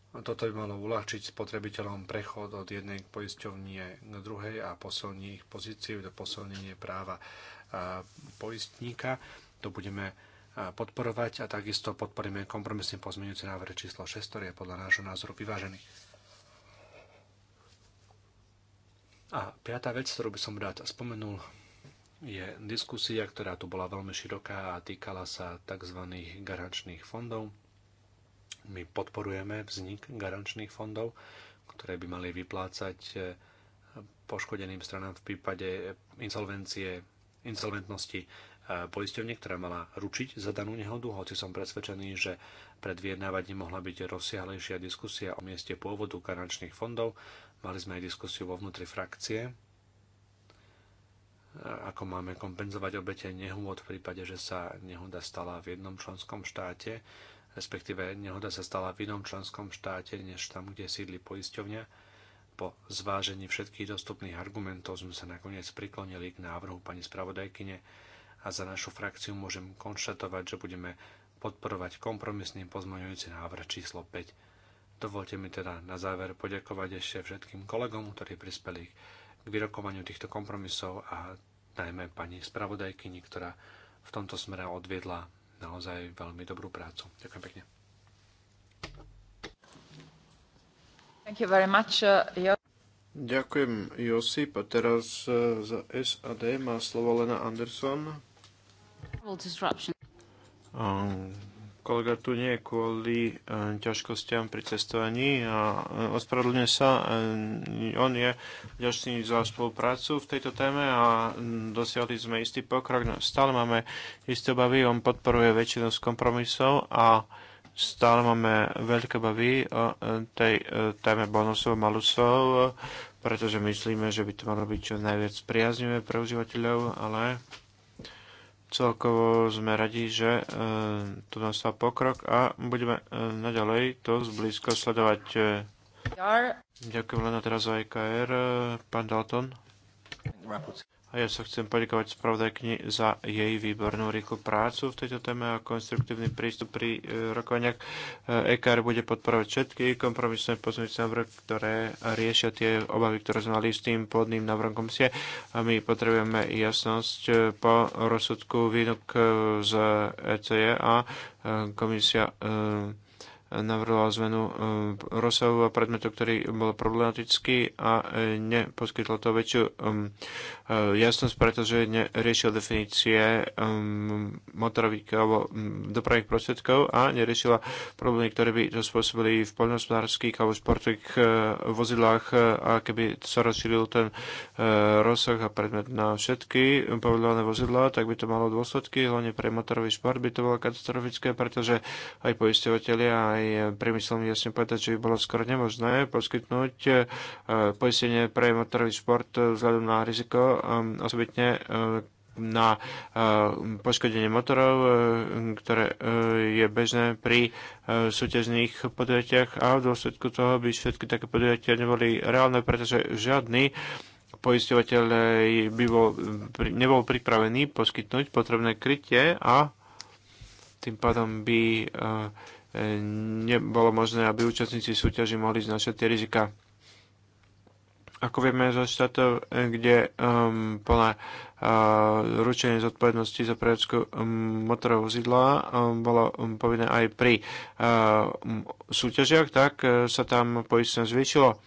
toto by malo uľahčiť spotrebiteľom prechod od jednej poisťovnie k druhej a posilní ich pozíciu do posilnenie práva poistníka. To budeme podporovať a takisto podporíme kompromisný pozmeňujúci návrh číslo 6, ktorý je podľa nášho názoru vyvážený. A piatá vec, ktorú by som rád spomenul, je diskusia, ktorá tu bola veľmi široká a týkala sa tzv. garančných fondov. My podporujeme vznik garančných fondov, ktoré by mali vyplácať eh, poškodeným stranám v prípade insolvencie, insolventnosti eh, poisťovne, ktorá mala ručiť za danú nehodu, hoci som presvedčený, že pred vyjednávaním mohla byť rozsiahlejšia diskusia o mieste pôvodu garančných fondov. Mali sme aj diskusiu vo vnútri frakcie, eh, ako máme kompenzovať obete nehôd v prípade, že sa nehoda stala v jednom členskom štáte respektíve nehoda sa stala v inom členskom štáte, než tam, kde sídli poisťovňa. Po zvážení všetkých dostupných argumentov sme sa nakoniec priklonili k návrhu pani spravodajkyne a za našu frakciu môžem konštatovať, že budeme podporovať kompromisný pozmeňujúci návrh číslo 5. Dovolte mi teda na záver poďakovať ešte všetkým kolegom, ktorí prispeli k vyrokovaniu týchto kompromisov a najmä pani spravodajkyni, ktorá v tomto smere odviedla naozaj veľmi dobrú prácu. Ďakujem pekne. Thank you very much, uh, Ďakujem, Josip. A teraz uh, za SAD má slovo Lena Anderson kolega tu nie je kvôli e, ťažkostiam pri cestovaní a e, ospravedlňuje sa. E, on je vďačný za spoluprácu v tejto téme a dosiahli sme istý pokrok. No, stále máme isté obavy, on podporuje väčšinu z kompromisov a stále máme veľké bavy o tej téme bonusov, a malusov, pretože myslíme, že by to malo byť čo najviac priaznivé pre užívateľov, ale celkovo sme radi, že e, tu nastal pokrok a budeme e, naďalej to zblízko sledovať. Ďakujem len teraz aj e KR, e, pán Dalton. A ja sa chcem poďakovať spravodajkni za jej výbornú rýchlu prácu v tejto téme a konstruktívny prístup pri e, rokovaniach. EKR e bude podporovať všetky kompromisné pozmeňujúce návrh, ktoré riešia tie obavy, ktoré sme mali s tým pôvodným návrhom komisie. A my potrebujeme jasnosť e, po rozsudku výnok z ECE a komisia navrhla zmenu e, rozsahu a predmetu, ktorý bol problematický a e, neposkytlo to väčšiu e, jasnosť, pretože neriešil definície motorových alebo dopravných prostriedkov a neriešila problémy, ktoré by to spôsobili v poľnohospodárských alebo športových vozidlách a keby sa rozšíril ten rozsah a predmet na všetky povedlané vozidlá, tak by to malo dôsledky, hlavne pre motorový šport by to bolo katastrofické, pretože aj poistovateľia. aj aj priemyslom jasne povedať, že by bolo skoro nemožné poskytnúť e, poistenie pre motorový šport vzhľadom na riziko, e, osobitne e, na poškodenie motorov, ktoré je bežné pri súťažných podujatiach a v dôsledku toho by všetky také podujatia neboli reálne, pretože žiadny poisťovateľ by bol, nebol pripravený poskytnúť potrebné krytie a tým pádom by uh, E, nebolo možné, aby účastníci súťaži mohli znašať tie rizika. Ako vieme zo štátov, e, kde um, plné uh, ručenie zodpovednosti za prevádzku um, motorového vozidla um, bolo um, povinné aj pri uh, súťažiach, tak uh, sa tam poistenie zvýšilo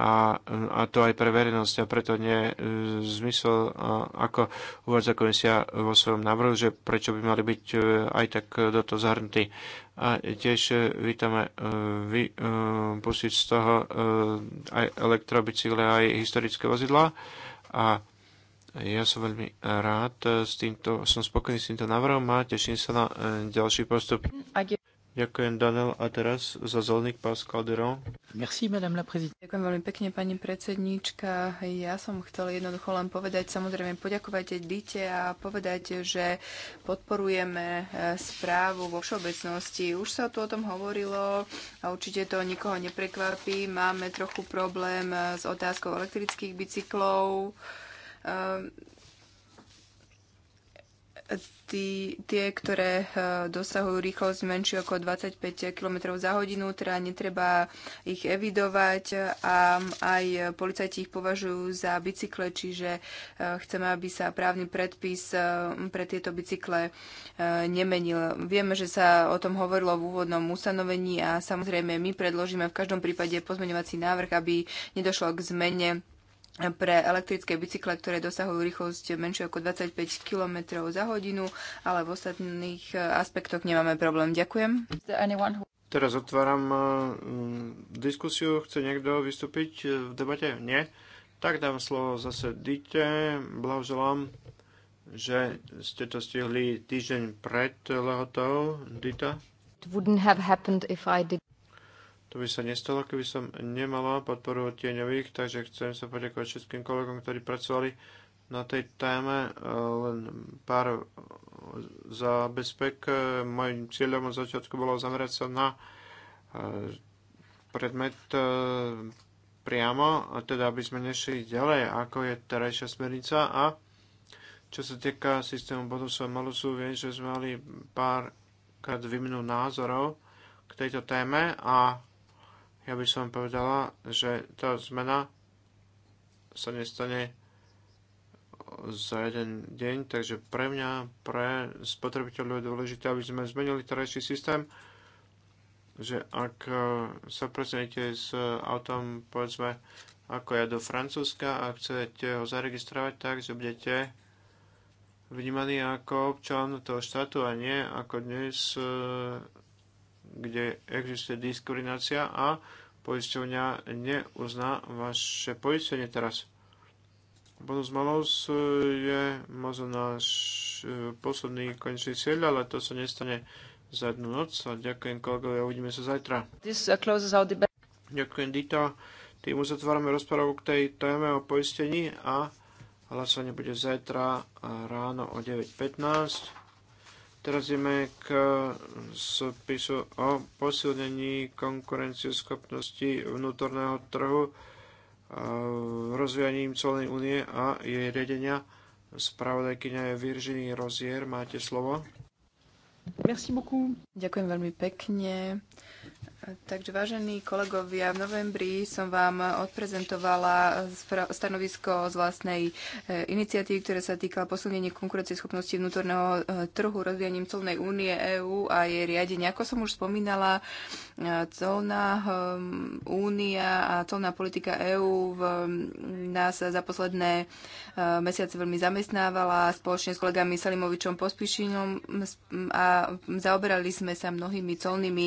a, a to aj pre verejnosť a preto nie zmysel, a, ako uvádza komisia vo svojom návrhu, že prečo by mali byť aj tak do toho zahrnutí a tiež e, vítame e, vypustiť e, z toho aj elektrobicykle, aj historické vozidla. A ja som veľmi rád s týmto, som spokojný s týmto návrhom a teším sa na ďalší postup. Ďakujem, Daniel. A teraz za zelených Pascal Duron. Merci, madame la prezident. Ďakujem veľmi pekne, pani predsedníčka. Ja som chcel jednoducho len povedať, samozrejme poďakovať Dite a povedať, že podporujeme e, správu vo všeobecnosti. Už sa tu o tom hovorilo a určite to nikoho neprekvapí. Máme trochu problém e, s otázkou elektrických bicyklov e, tí, tie, ktoré eh, dosahujú rýchlosť menšiu ako 25 km za hodinu, teda netreba ich evidovať a aj policajti ich považujú za bicykle, čiže eh, chceme, aby sa právny predpis eh, pre tieto bicykle nemenil. Vieme, že sa o tom hovorilo v úvodnom ustanovení a samozrejme my predložíme v každom prípade pozmeňovací návrh, aby nedošlo k zmene pre elektrické bicykle, ktoré dosahujú rýchlosť menšie ako 25 km za hodinu, ale v ostatných e, aspektoch nemáme problém. Ďakujem. Teraz otváram e, mm, diskusiu. Chce niekto vystúpiť e, v debate? Nie? Tak dám slovo zase Dite. Blahoželám, že ste to stihli týždeň pred lehotou. Dita? It wouldn't have happened if I did. To by sa nestalo, keby som nemala podporu tieňových, takže chcem sa poďakovať všetkým kolegom, ktorí pracovali na tej téme. E, len pár zabezpek. E, Mojím cieľom od začiatku bolo zamerať sa na e, predmet priamo, teda aby sme nešli ďalej, ako je terajšia smernica a čo sa týka systému bodov a malusu, viem, že sme mali pár krát výmenu názorov k tejto téme a ja by som povedala, že tá zmena sa nestane za jeden deň, takže pre mňa, pre spotrebiteľov je dôležité, aby sme zmenili terajší systém, že ak e, sa presnete s autom, povedzme, ako ja do Francúzska a chcete ho zaregistrovať tak, že budete vnímaný ako občan toho štátu a nie ako dnes e, kde existuje diskriminácia a poisťovňa neuzná vaše poistenie teraz. Bonus malus je možno náš e, posledný končný cieľ, ale to sa nestane za jednu noc. A ďakujem kolegovia, uvidíme sa zajtra. Uh, ďakujem Dita. Tým uzatvárame rozprávu k tej téme o poistení a hlasovanie bude zajtra ráno o 9.15. Teraz ideme k spisu o posilnení konkurencieschopnosti vnútorného trhu rozvíjaním celnej únie a jej riadenia. Spravodajkyňa je Virginie Rozier. Máte slovo. Merci beaucoup. Ďakujem veľmi pekne. Takže, vážení kolegovia, v novembri som vám odprezentovala stanovisko z vlastnej e, iniciatívy, ktoré sa týka posilnenia konkurencieschopnosti vnútorného e, trhu rozvíjaním colnej únie EÚ a jej riadenia. Ako som už spomínala, e, colná únia a colná politika EÚ nás za posledné mesiace veľmi zamestnávala spoločne s kolegami Salimovičom Pospíšinom a zaoberali sme sa mnohými colnými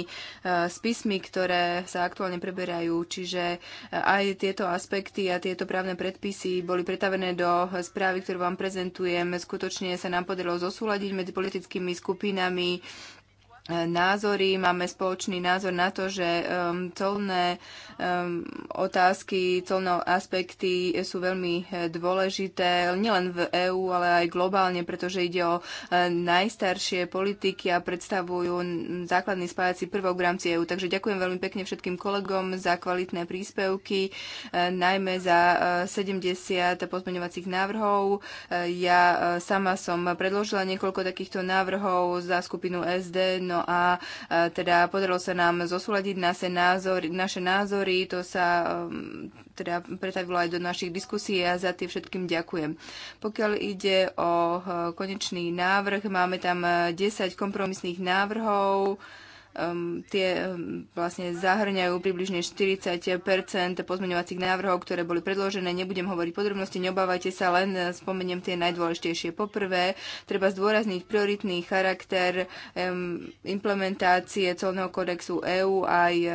spismi vecmi, ktoré sa aktuálne preberajú. Čiže e, aj tieto aspekty a tieto právne predpisy boli pretavené do správy, ktorú vám prezentujem. Skutočne sa nám podarilo zosúľadiť medzi politickými skupinami E, názory, máme spoločný názor na to, že um, colné um, otázky, colné aspekty sú veľmi e, dôležité nielen v EÚ, ale aj globálne, pretože ide o uh, najstaršie politiky a predstavujú základný spájací prvok v rámci EÚ. Takže ďakujem veľmi pekne všetkým kolegom za kvalitné príspevky, uh, najmä za uh, 70 pozmeňovacích návrhov. Uh, ja uh, sama som predložila niekoľko takýchto návrhov za skupinu SD, no No a e, teda podarilo sa nám zosúľadiť naše názory, naše názory, to sa e, teda pretavilo aj do našich diskusí a za tie všetkým ďakujem. Pokiaľ ide o e, konečný návrh, máme tam 10 kompromisných návrhov, um, tie um, vlastne zahrňajú približne 40 pozmeňovacích návrhov, ktoré boli predložené. Nebudem hovoriť podrobnosti, neobávajte sa, len eh, spomeniem tie najdôležitejšie. Poprvé, treba zdôrazniť prioritný charakter um, implementácie colného kodexu EÚ aj um,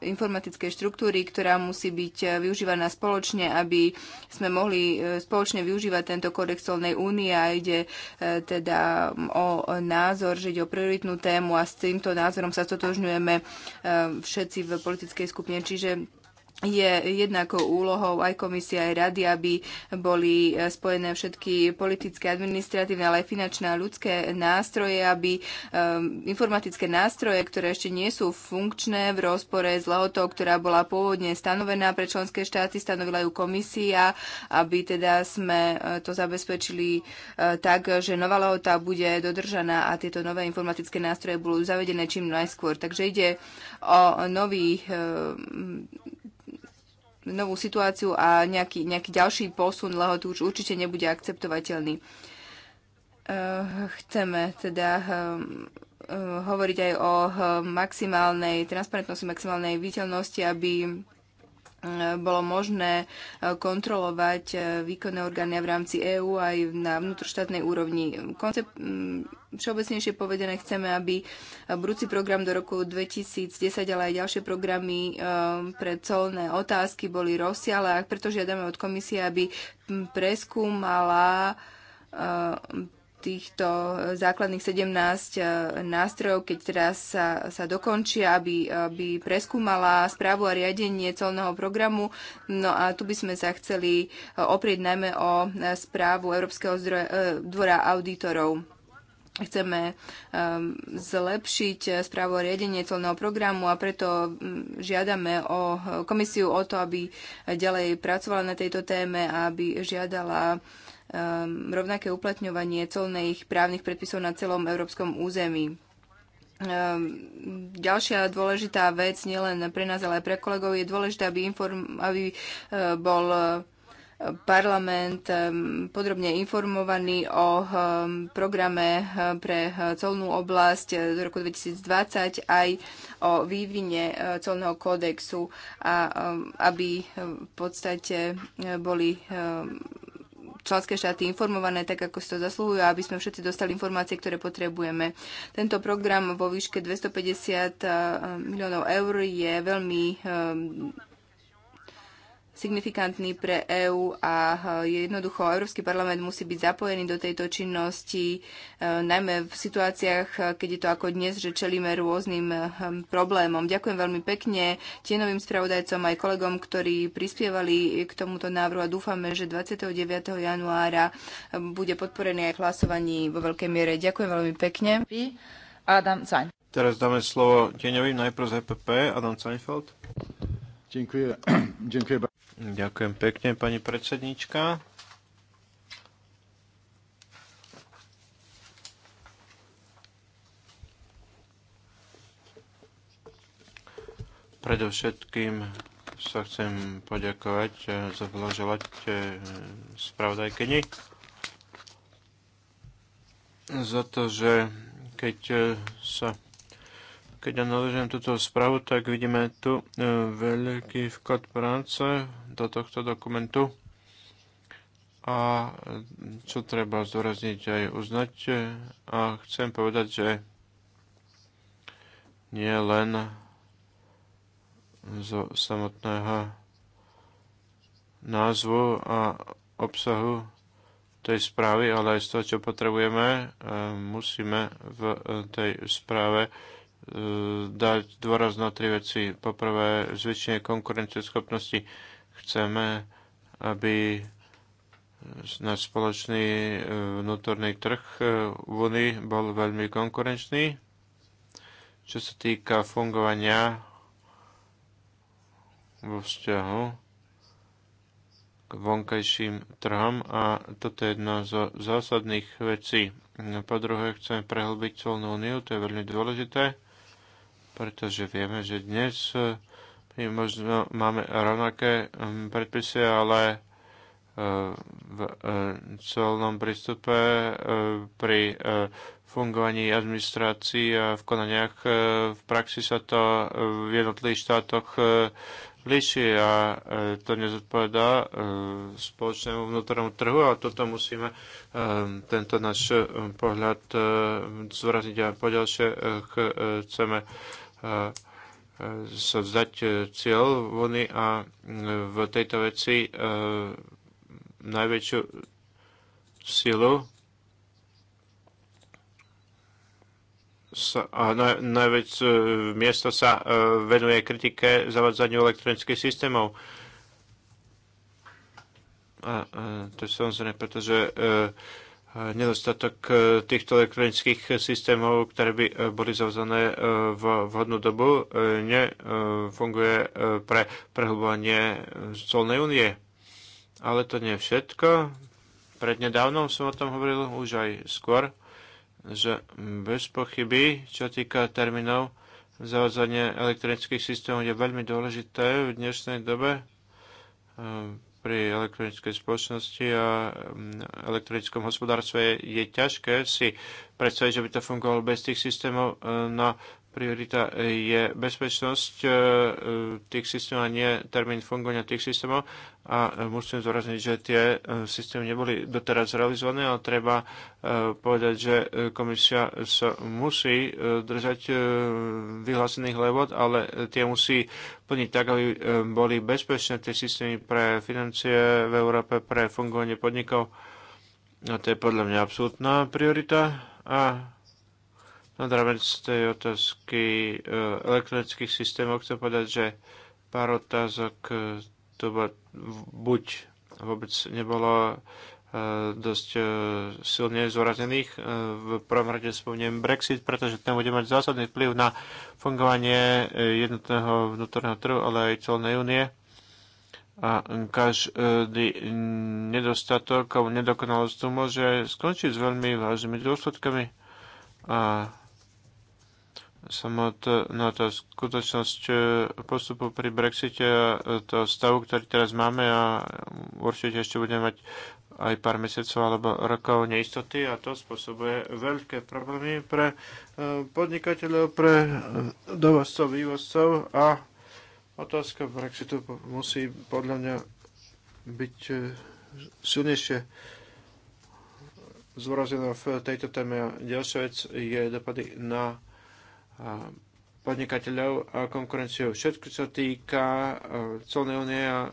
eh, informatickej štruktúry, ktorá musí byť eh, využívaná spoločne, aby sme mohli spoločne využívať tento kodex colnej únie a ide teda mm, o názor, že ide o prioritnú tému a s týmto názorom sa stotožňujeme eh, všetci v politickej skupine. Čiže je jednakou úlohou aj komisia, aj rady, aby boli e, spojené všetky politické, administratívne, ale aj finančné a ľudské nástroje, aby um, informatické nástroje, ktoré ešte nie sú funkčné v rozpore s lehotou, ktorá bola pôvodne stanovená pre členské štáty, stanovila ju komisia, aby teda sme e, to zabezpečili uh, tak, že nová lehota bude dodržaná a tieto nové informatické nástroje budú zavedené čím najskôr. Takže ide o nový uh, novú situáciu a nejaký, nejaký ďalší posun lehotu už určite nebude akceptovateľný. E, chceme teda e, e, hovoriť aj o maximálnej transparentnosti, maximálnej viditeľnosti, aby E, bolo možné e, kontrolovať e, výkonné orgány v rámci EÚ aj na vnútroštátnej úrovni. Koncept, všeobecnejšie povedané, chceme, aby budúci program do roku 2010, ale aj ďalšie programy pre colné otázky boli rozsiahle, a preto žiadame od komisie, aby preskúmala týchto eh, základných 17 eh, nástrojov, keď teraz sa, sa dokončia, aby, aby eh, preskúmala správu a riadenie celného programu. No a tu by sme sa chceli oprieť najmä o správu Európskeho zdroja, dvora auditorov. Chceme ehm, zlepšiť správu a riadenie celného programu a preto mm, žiadame o komisiu o to, aby ďalej pracovala na tejto téme a aby žiadala Ehm, rovnaké uplatňovanie colných právnych predpisov na celom európskom území. Ehm, ďalšia dôležitá vec, nielen pre nás, ale aj pre kolegov, je dôležité, aby, inform, aby e, bol e, parlament e, podrobne informovaný o programe pre colnú oblasť z roku 2020 aj o vývine colného kódexu a aby v podstate boli členské štáty informované tak, ako si to zaslúhujú, aby sme všetci dostali informácie, ktoré potrebujeme. Tento program vo výške 250 eh, miliónov eur je veľmi eh, signifikantný pre EÚ a eh, jednoducho Európsky parlament musí byť zapojený do tejto činnosti, eh, najmä v situáciách, eh, keď je to ako dnes, že čelíme rôznym problémom. Ďakujem veľmi pekne tienovým spravodajcom aj kolegom, ktorí prispievali k tomuto návrhu a dúfame, že 29. januára bude podporený aj v hlasovaní vo veľkej miere. Ďakujem veľmi pekne. Adam Teraz dáme slovo tieňovým najprv z EPP, Adam Seinfeld. Ďakujem. pekne, pani predsednička. Predovšetkým sa chcem poďakovať a e, zablaželať e, spravodajkyni za to, že keď e, sa keď analýzujem túto správu, tak vidíme tu e, veľký vklad práce do tohto dokumentu. A čo e, treba zdôrazniť aj uznať. E, a chcem povedať, že nie len zo samotného názvu a obsahu tej správy, ale aj z toho, čo potrebujeme, musíme v tej správe E, dať dôraz na tri veci. Poprvé, zväčšenie konkurencieschopnosti. Chceme, aby náš spoločný e, vnútorný trh e, v Unii bol veľmi konkurenčný. Čo sa týka fungovania vo vzťahu k vonkajším trhom a toto je jedna zo zásadných vecí. Po druhé, chceme prehlbiť colnú úniu, to je veľmi dôležité pretože vieme, že dnes eh, my možno máme rovnaké hm, predpisy, ale eh, v eh, celnom prístupe pri fungovaní administrácií a v konaniach v praxi sa to v jednotlivých štátoch líši a to nezodpovedá spoločnému vnútornému trhu a toto musíme tento náš pohľad zvrazniť a poďalšie chceme sa vzdať e, cieľ vony a e, v tejto veci e, najväčšiu silu a na, najväč miesto sa venuje kritike zavadzaniu elektronických systémov. A, to je samozrejme, pretože e, nedostatok eh, týchto elektronických systémov, ktoré by eh, boli zavzané eh, v vhodnú dobu, nefunguje pre prehlbovanie solnej únie. Ale to nie je všetko. Prednedávnom som o tom hovoril už aj skôr, že bez pochyby, čo týka termínov, zavadzanie elektronických systémov je veľmi dôležité v dnešnej dobe pri elektronickej spoločnosti a mm, elektronickom hospodárstve je ťažké si predstaviť, že by to fungovalo bez tých systémov e, na priorita je bezpečnosť e, e, tých systémov a nie termín fungovania tých systémov. A e, musím zdôrazniť, že tie systémy neboli doteraz realizované, ale treba povedať, že komisia sa musí držať vyhlásených levod, ale tie musí plniť tak, aby boli bezpečné tie systémy pre financie v Európe, pre fungovanie podnikov. A to je podľa mňa absolútna priorita. A nad rámec tej otázky eh, elektronických systémov chcem povedať, že pár otázok eh, to buď vôbec nebolo eh, dosť silne zúrazených. V prvom rade spomeniem Brexit, pretože ten bude mať zásadný vplyv na fungovanie jednotného vnútorného trhu, ale aj celnej únie. A každý nedostatok alebo nedokonalosť tu môže skončiť s veľmi vážnymi dôsledkami. A samotná tá skutočnosť e, postupu pri Brexite a e, toho stavu, ktorý teraz máme a určite ešte budeme mať aj pár mesiacov alebo rokov neistoty a to spôsobuje veľké problémy pre e, podnikateľov, pre dovozcov, vývozcov a otázka Brexitu musí podľa mňa byť silnejšie zvorazená v tejto téme. Ďalšia vec je dopady na podnikateľov a konkurenciou. Všetko, čo týka e, celnej únie a e,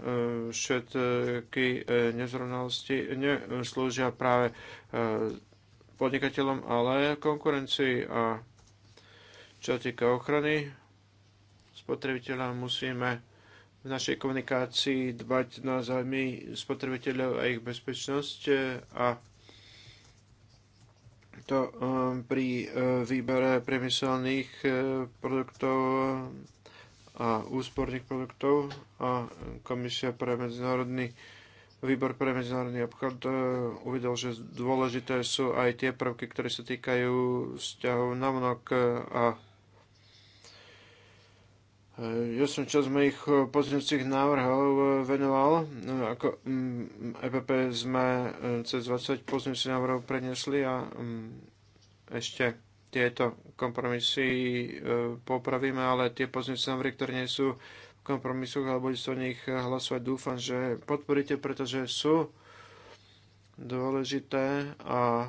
všetky e, nezrovnalosti, neslúžia práve podnikateľom, ale konkurencii. A čo týka ochrany spotrebiteľa, musíme v našej komunikácii dbať na zájmy spotrebiteľov a ich bezpečnosť a takto eh, pri eh, výbere priemyselných eh, produktov a úsporných produktov a Komisia pre medzinárodný Výbor pre medzinárodný obchod uvidel, že dôležité sú aj tie prvky, ktoré sa týkajú vzťahov na vnok a ja som čas mojich eh, pozdňujúcich návrhov eh, venoval. No, ako mm, EPP sme eh, cez 20 pozdňujúcich návrhov prednesli a mm, ešte tieto kompromisy popravíme, ale tie pozdňujúcich návrhy, ktoré nie sú v kompromisoch alebo budete o nich hlasovať, dúfam, že podporíte, pretože sú dôležité a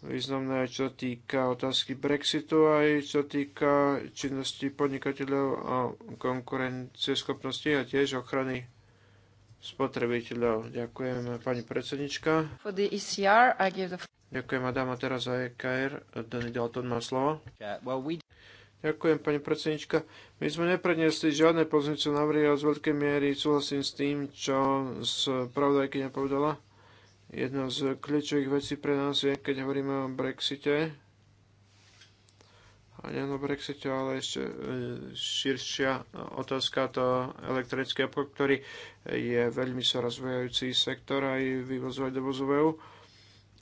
významné aj čo týka otázky Brexitu, aj čo týka činnosti podnikateľov a konkurencieschopnosti a tiež ochrany spotrebiteľov. Ďakujem pani predsednička. For the ECR, I give the... Ďakujem a teraz aj e KR. Danny Dalton má slovo. Yeah, well, we... Ďakujem, pani predsednička. My sme nepredniesli žiadne pozície na a z veľkej miery súhlasím s tým, čo spravodajkyňa povedala Jedna z kľúčových vecí pre nás je, keď hovoríme o Brexite, a nie o Brexite, ale ešte e, širšia otázka to elektrický obchod, ktorý je veľmi sa rozvíjajúci sektor aj vývozov aj dovozov e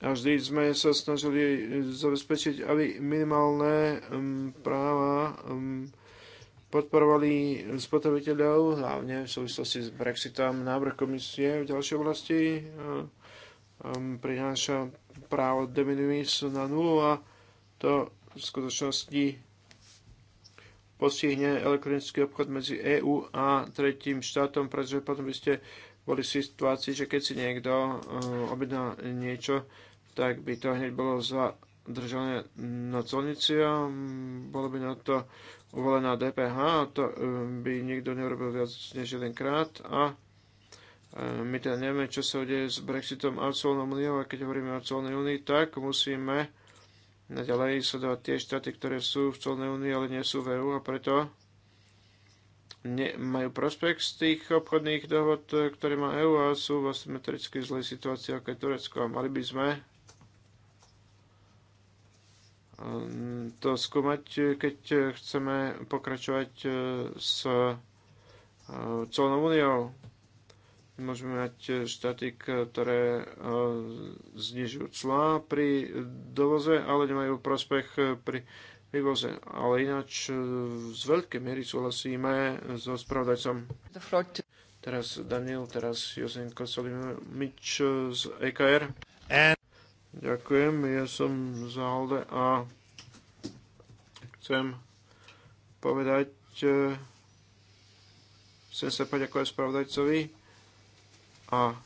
a vždy sme sa snažili zabezpečiť, aby minimálne práva podporovali spotrebiteľov, hlavne v súvislosti s Brexitom, návrh komisie v ďalšej oblasti e, Ehm, prináša právo de minimis na nulu a to v skutočnosti postihne elektronický obchod medzi EÚ a tretím štátom, pretože potom by ste boli v situácii, že keď si niekto ehm, objedná niečo, tak by to hneď bolo zadržané na colnici a bolo by na to uvolená DPH a to ehm, by nikto neurobil viac než jedenkrát a my teda nevieme, čo sa udeje s Brexitom a colnou úniou a keď hovoríme o colnej únii, tak musíme naďalej sledovať tie štáty, ktoré sú v colnej únii, ale nie sú v EU a preto majú prospekt z tých obchodných dohod, ktoré má EU a sú v asymetrickej zlej situácii ako je Turecko. A mali by sme mm, to skúmať, keď chceme pokračovať e, s colnou e, úniou. Môžeme mať e, štáty, e, ktoré e, znižujú clá pri dovoze, ale nemajú prospech pri vývoze. Ale ináč z veľkej miery súhlasíme so spravodajcom. Teraz Daniel, teraz Jozenko Solimič z EKR. Ďakujem, ja som za Alde a chcem povedať, chcem sa poďakovať spravodajcovi a e,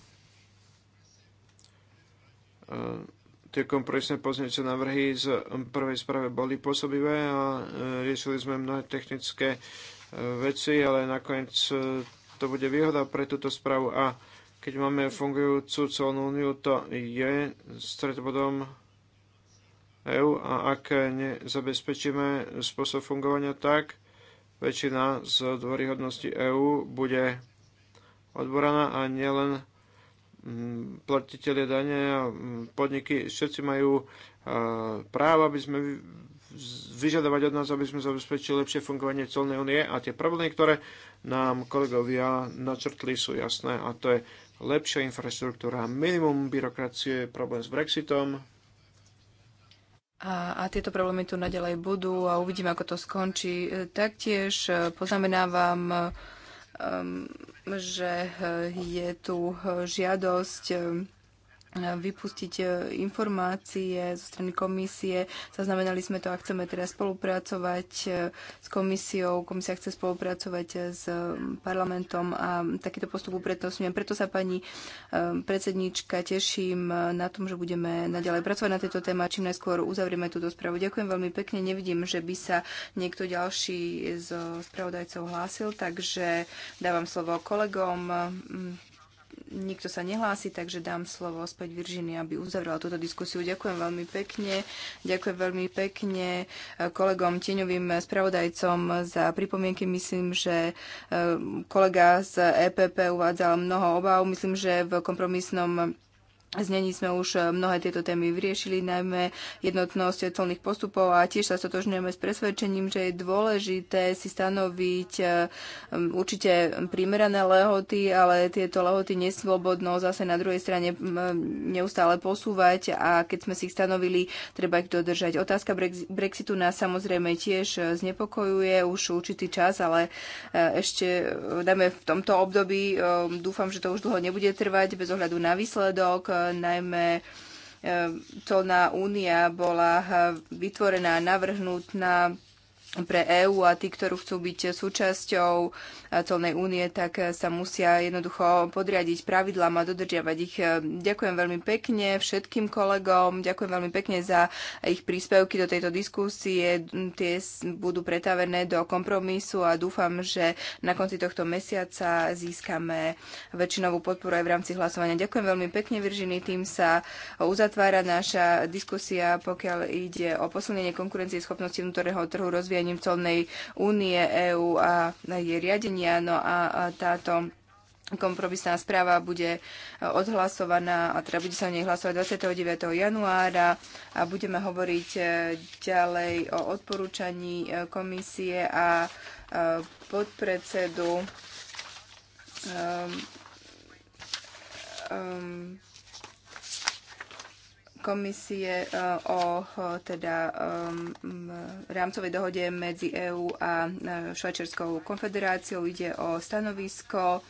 tie kompromisné pozniece návrhy z prvej sprave boli pôsobivé a e, riešili sme mnohé technické e, veci, ale nakoniec to bude výhoda pre túto správu a keď máme fungujúcu celnú, úniu, to je stredbodom EU a ak nezabezpečíme spôsob fungovania tak, väčšina z dôryhodnosti EÚ bude odborana a nielen mm, platiteľe dane a mm, podniky. Všetci majú e, právo, aby sme vyžadovať od nás, aby sme zabezpečili lepšie fungovanie celnej únie a tie problémy, ktoré nám kolegovia načrtli, sú jasné a to je lepšia infraštruktúra, minimum byrokracie, problém s Brexitom. A, a tieto problémy tu nadalej budú a uvidíme, ako to skončí. E, taktiež e, poznamenávam Um, že eh, je tu eh, žiadosť eh, vypustiť e, informácie zo strany komisie. Zaznamenali sme to a chceme teda spolupracovať e, s komisiou. Komisia chce spolupracovať e, s parlamentom a takýto postup uprednostňujem. Preto sa pani predsednička teším na tom, že budeme naďalej pracovať na tejto téme a čím najskôr uzavrieme túto správu. Ďakujem veľmi pekne. Nevidím, že by sa niekto ďalší z spravodajcov hlásil, takže dávam slovo kolegom nikto sa nehlási, takže dám slovo späť Viržiny, aby uzavrela túto diskusiu. Ďakujem veľmi pekne, ďakujem veľmi pekne eh, kolegom tieňovým spravodajcom za pripomienky. Myslím, že eh, kolega z EPP uvádzal mnoho obav. Myslím, že v kompromisnom znení sme už e, mnohé tieto témy vyriešili, najmä jednotnosť celných postupov a tiež sa stotožňujeme s presvedčením, že je dôležité si stanoviť e, určite primerané lehoty, ale tieto lehoty neslobodno zase na druhej strane neustále posúvať a keď sme si ich stanovili, treba ich dodržať. Otázka Brexitu nás samozrejme tiež e, znepokojuje už určitý čas, ale ešte dáme v tomto období, dúfam, že to už dlho nebude trvať bez ohľadu na výsledok najmä colná eh, únia bola eh, vytvorená a navrhnutá pre EÚ a tí, ktorí chcú byť súčasťou colnej únie, tak sa musia jednoducho podriadiť pravidlám a dodržiavať ich. Ďakujem veľmi pekne všetkým kolegom, ďakujem veľmi pekne za ich príspevky do tejto diskusie. Tie budú pretavené do kompromisu a dúfam, že na konci tohto mesiaca získame väčšinovú podporu aj v rámci hlasovania. Ďakujem veľmi pekne, Viržiny, tým sa uzatvára naša diskusia, pokiaľ ide o posilnenie konkurencie schopnosti vnútorného trhu rozvíjať zavedením colnej únie EÚ a jej riadenia. No a táto kompromisná správa bude e, odhlasovaná a teda bude sa o nej hlasovať 29. januára a budeme hovoriť e, ďalej o odporúčaní e, komisie a podpredsedu um, um, komisie eh, o eh, teda eh, rámcovej dohode medzi EÚ a Švajčiarskou konfederáciou. Ide o stanovisko,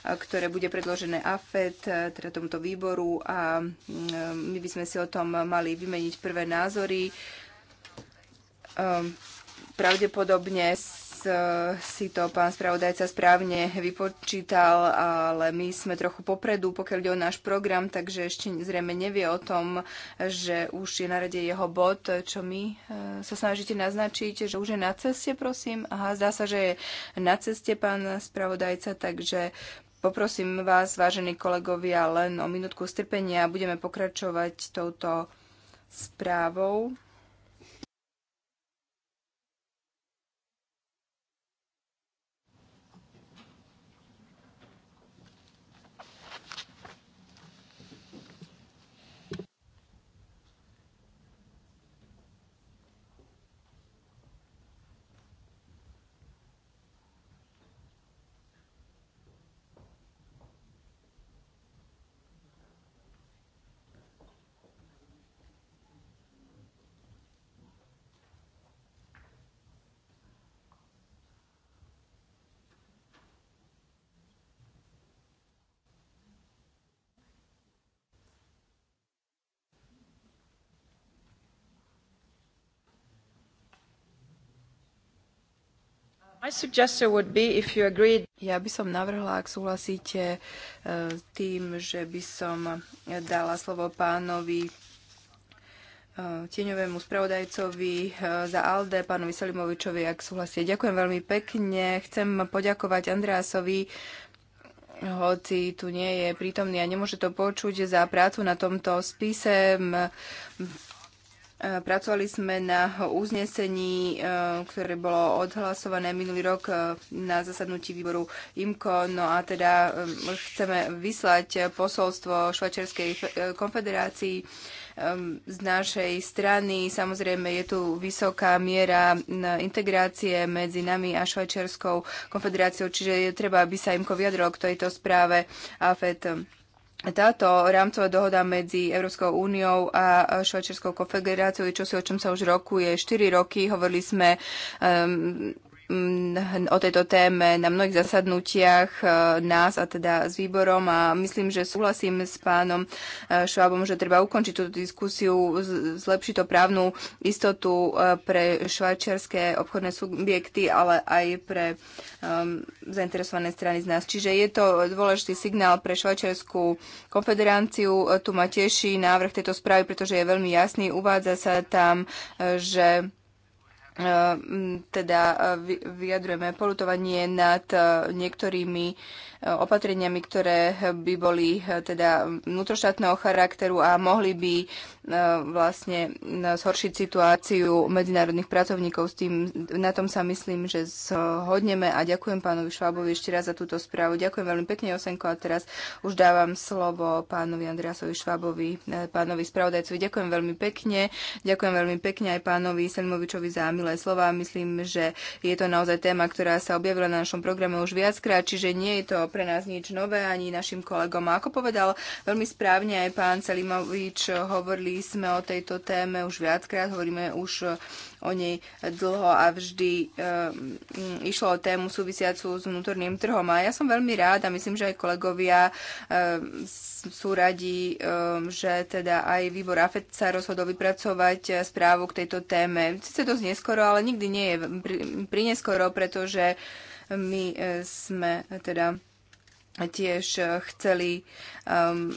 ktoré bude predložené AFET, teda tomuto výboru a mm, my by sme si o tom mali vymeniť prvé názory. Ehm, pravdepodobne E, si to pán spravodajca správne vypočítal, ale my sme trochu popredu, pokiaľ ide o náš program, takže ešte zrejme nevie o tom, že už je na rade jeho bod, čo my e, sa snažíte naznačiť, že už je na ceste, prosím. Aha, zdá sa, že je na ceste pán spravodajca, takže poprosím vás, vážení kolegovia, len o minútku strpenia a budeme pokračovať touto správou. Ja by som navrhla, ak súhlasíte, e, tým, že by som dala slovo pánovi e, tieňovému spravodajcovi e, za ALDE, pánovi Selimovičovi, ak súhlasíte. Ďakujem veľmi pekne. Chcem poďakovať Andreasovi, hoci tu nie je prítomný a nemôže to počuť za prácu na tomto spise. E, pracovali sme na uznesení, e, ktoré bolo odhlasované minulý rok e, na zasadnutí výboru IMCO, no a teda chceme vyslať posolstvo Švačerskej konfederácii z našej strany. Samozrejme je tu vysoká miera integrácie medzi nami a Švajčiarskou konfederáciou, čiže je treba, aby sa IMCO vyjadrilo k tejto správe AFET táto rámcová dohoda medzi Európskou úniou a Švajčiarskou konfederáciou je čosi, o čom sa už rokuje. 4 roky hovorili sme um, Hm, o tejto téme na mnohých zasadnutiach eh, nás a teda s výborom a myslím, že súhlasím s pánom eh, Švábom, že treba ukončiť túto diskusiu, zlepšiť to právnu istotu eh, pre švajčiarske obchodné subjekty, ale aj pre um, zainteresované strany z nás. Čiže je to dôležitý signál pre švajčiarskú konfederáciu. Tu ma teší návrh tejto správy, pretože je veľmi jasný. Uvádza sa tam, že E, teda e, vyjadrujeme polutovanie nad e, niektorými opatreniami, ktoré by boli eh, teda vnútroštátneho charakteru a mohli by eh, vlastne zhoršiť situáciu medzinárodných pracovníkov. S tým, na tom sa myslím, že zhodneme a ďakujem pánovi Švábovi ešte raz za túto správu. Ďakujem veľmi pekne, Josenko a teraz už dávam slovo pánovi Andreasovi Švábovi, eh, pánovi spravodajcovi. Ďakujem veľmi pekne. Ďakujem veľmi pekne aj pánovi Selmovičovi za milé slova. Myslím, že je to naozaj téma, ktorá sa objavila na našom programe už viackrát, čiže nie je to pre nás nič nové ani našim kolegom. A ako povedal veľmi správne aj pán Celimovič, hovorili sme o tejto téme už viackrát, hovoríme už o nej dlho a vždy e, išlo o tému súvisiacu s vnútorným trhom. A ja som veľmi rád a myslím, že aj kolegovia e, sú radi, e, že teda aj výbor AFED sa rozhodol vypracovať eh, správu k tejto téme. Sice dosť neskoro, ale nikdy nie je prineskoro, pretože my eh, sme teda tiež eh, chceli um,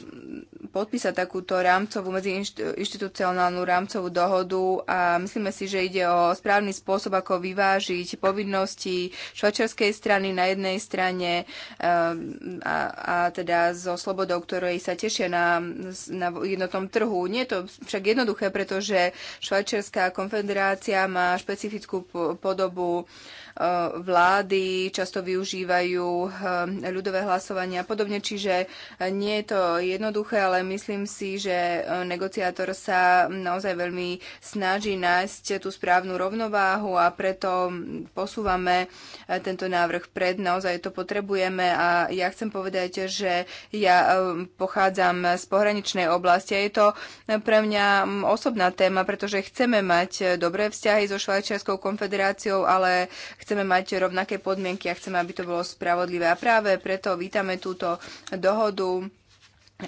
podpísať takúto rámcovú medziinstitucionálnu rámcovú dohodu a myslíme si, že ide o správny spôsob, ako vyvážiť povinnosti švačerskej strany na jednej strane um, a, a teda so slobodou, ktorej sa tešia na, na jednotnom trhu. Nie je to však jednoduché, pretože švačerská konfederácia má špecifickú podobu uh, vlády často využívajú eh, ľudové hlasovania a podobne, čiže nie je to jednoduché, ale myslím si, že eh, negociátor sa naozaj veľmi snaží nájsť tú správnu rovnováhu a preto posúvame eh, tento návrh pred, naozaj to potrebujeme a ja chcem povedať, že ja pochádzam z pohraničnej oblasti a je to pre mňa mm, osobná téma, pretože chceme mať dobré vzťahy so Švajčiarskou konfederáciou, ale Chceme mať rovnaké podmienky a chceme, aby to bolo spravodlivé. A práve preto vítame túto dohodu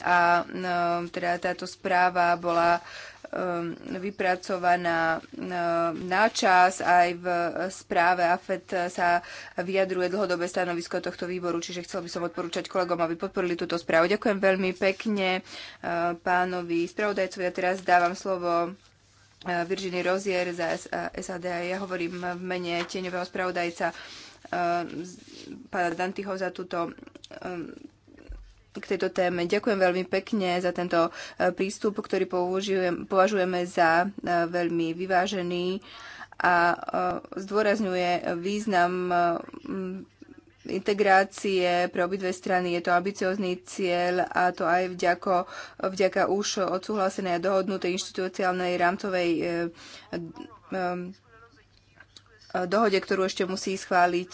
a no, teda táto správa bola um, vypracovaná no, na čas. Aj v správe Afed sa vyjadruje dlhodobé stanovisko tohto výboru, čiže chcel by som odporúčať kolegom, aby podporili túto správu. Ďakujem veľmi pekne uh, pánovi spravodajcovi a teraz dávam slovo Virginie Rozier za SAD. Ja hovorím v mene tieňového spravodajca e, pána Dantyho za túto e, k tejto téme. Ďakujem veľmi pekne za tento e, prístup, ktorý považujeme za veľmi vyvážený a zdôrazňuje význam integrácie pre obidve strany. Je to ambiciózny cieľ a to aj vďako, vďaka už odsúhlasenej a dohodnutej inštitucionálnej rámcovej eh, eh, dohode, ktorú ešte musí schváliť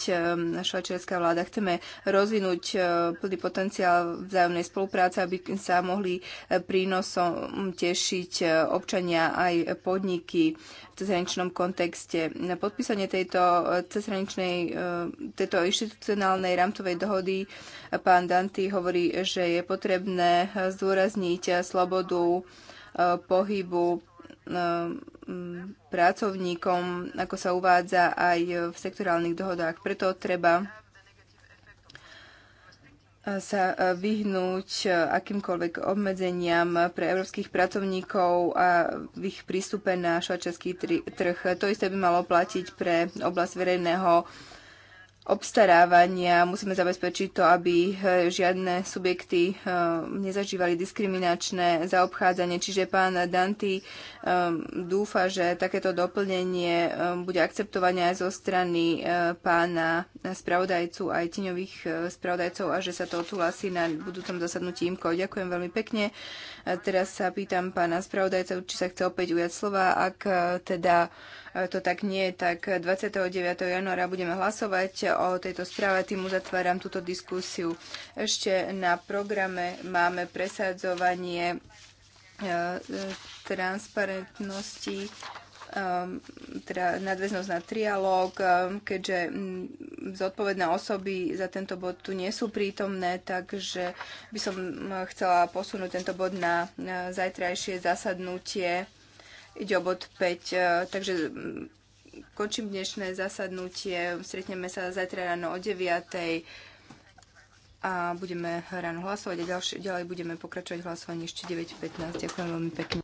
česká ehm, vláda. Chceme rozvinúť ehm, plný potenciál vzájomnej spolupráce, aby sa mohli eh, prínosom tešiť eh, občania aj podniky v cezhraničnom kontexte. Na podpísanie tejto eh, cezhraničnej, tejto inštitucionálnej rámcovej dohody pán Danty hovorí, že je potrebné zdôrazniť slobodu pohybu Mm, pracovníkom, ako sa uvádza aj v sektorálnych dohodách. Preto treba e, sa e, vyhnúť e, akýmkoľvek obmedzeniam pre európskych pracovníkov a v ich prístupe na švajčiarsky trh. To isté by malo platiť pre oblasť verejného obstarávania. Musíme zabezpečiť to, aby eh, žiadne subjekty eh, nezažívali diskriminačné zaobchádzanie. Čiže pán Danty eh, dúfa, že takéto doplnenie bude akceptované aj zo strany pána spravodajcu aj tiňových spravodajcov a že sa to odsúhlasí na budúcom zasadnutí IMKO. Ďakujem veľmi pekne. Teraz sa pýtam pána spravodajcov, či sa chce opäť ujať slova. Ak teda to tak nie, tak 29. januára budeme hlasovať o tejto správe, tým uzatváram túto diskusiu. Ešte na programe máme presadzovanie e, transparentnosti e, teda nadväznosť na trialóg, e, keďže zodpovedné osoby za tento bod tu nie sú prítomné, takže by som chcela posunúť tento bod na zajtrajšie zasadnutie. Ide o bod 5, e, takže mm, končím dnešné zasadnutie. Stretneme sa zajtra ráno o 9 a budeme ráno hlasovať a ďalej budeme pokračovať hlasovanie ešte 9.15. Ďakujem veľmi pekne.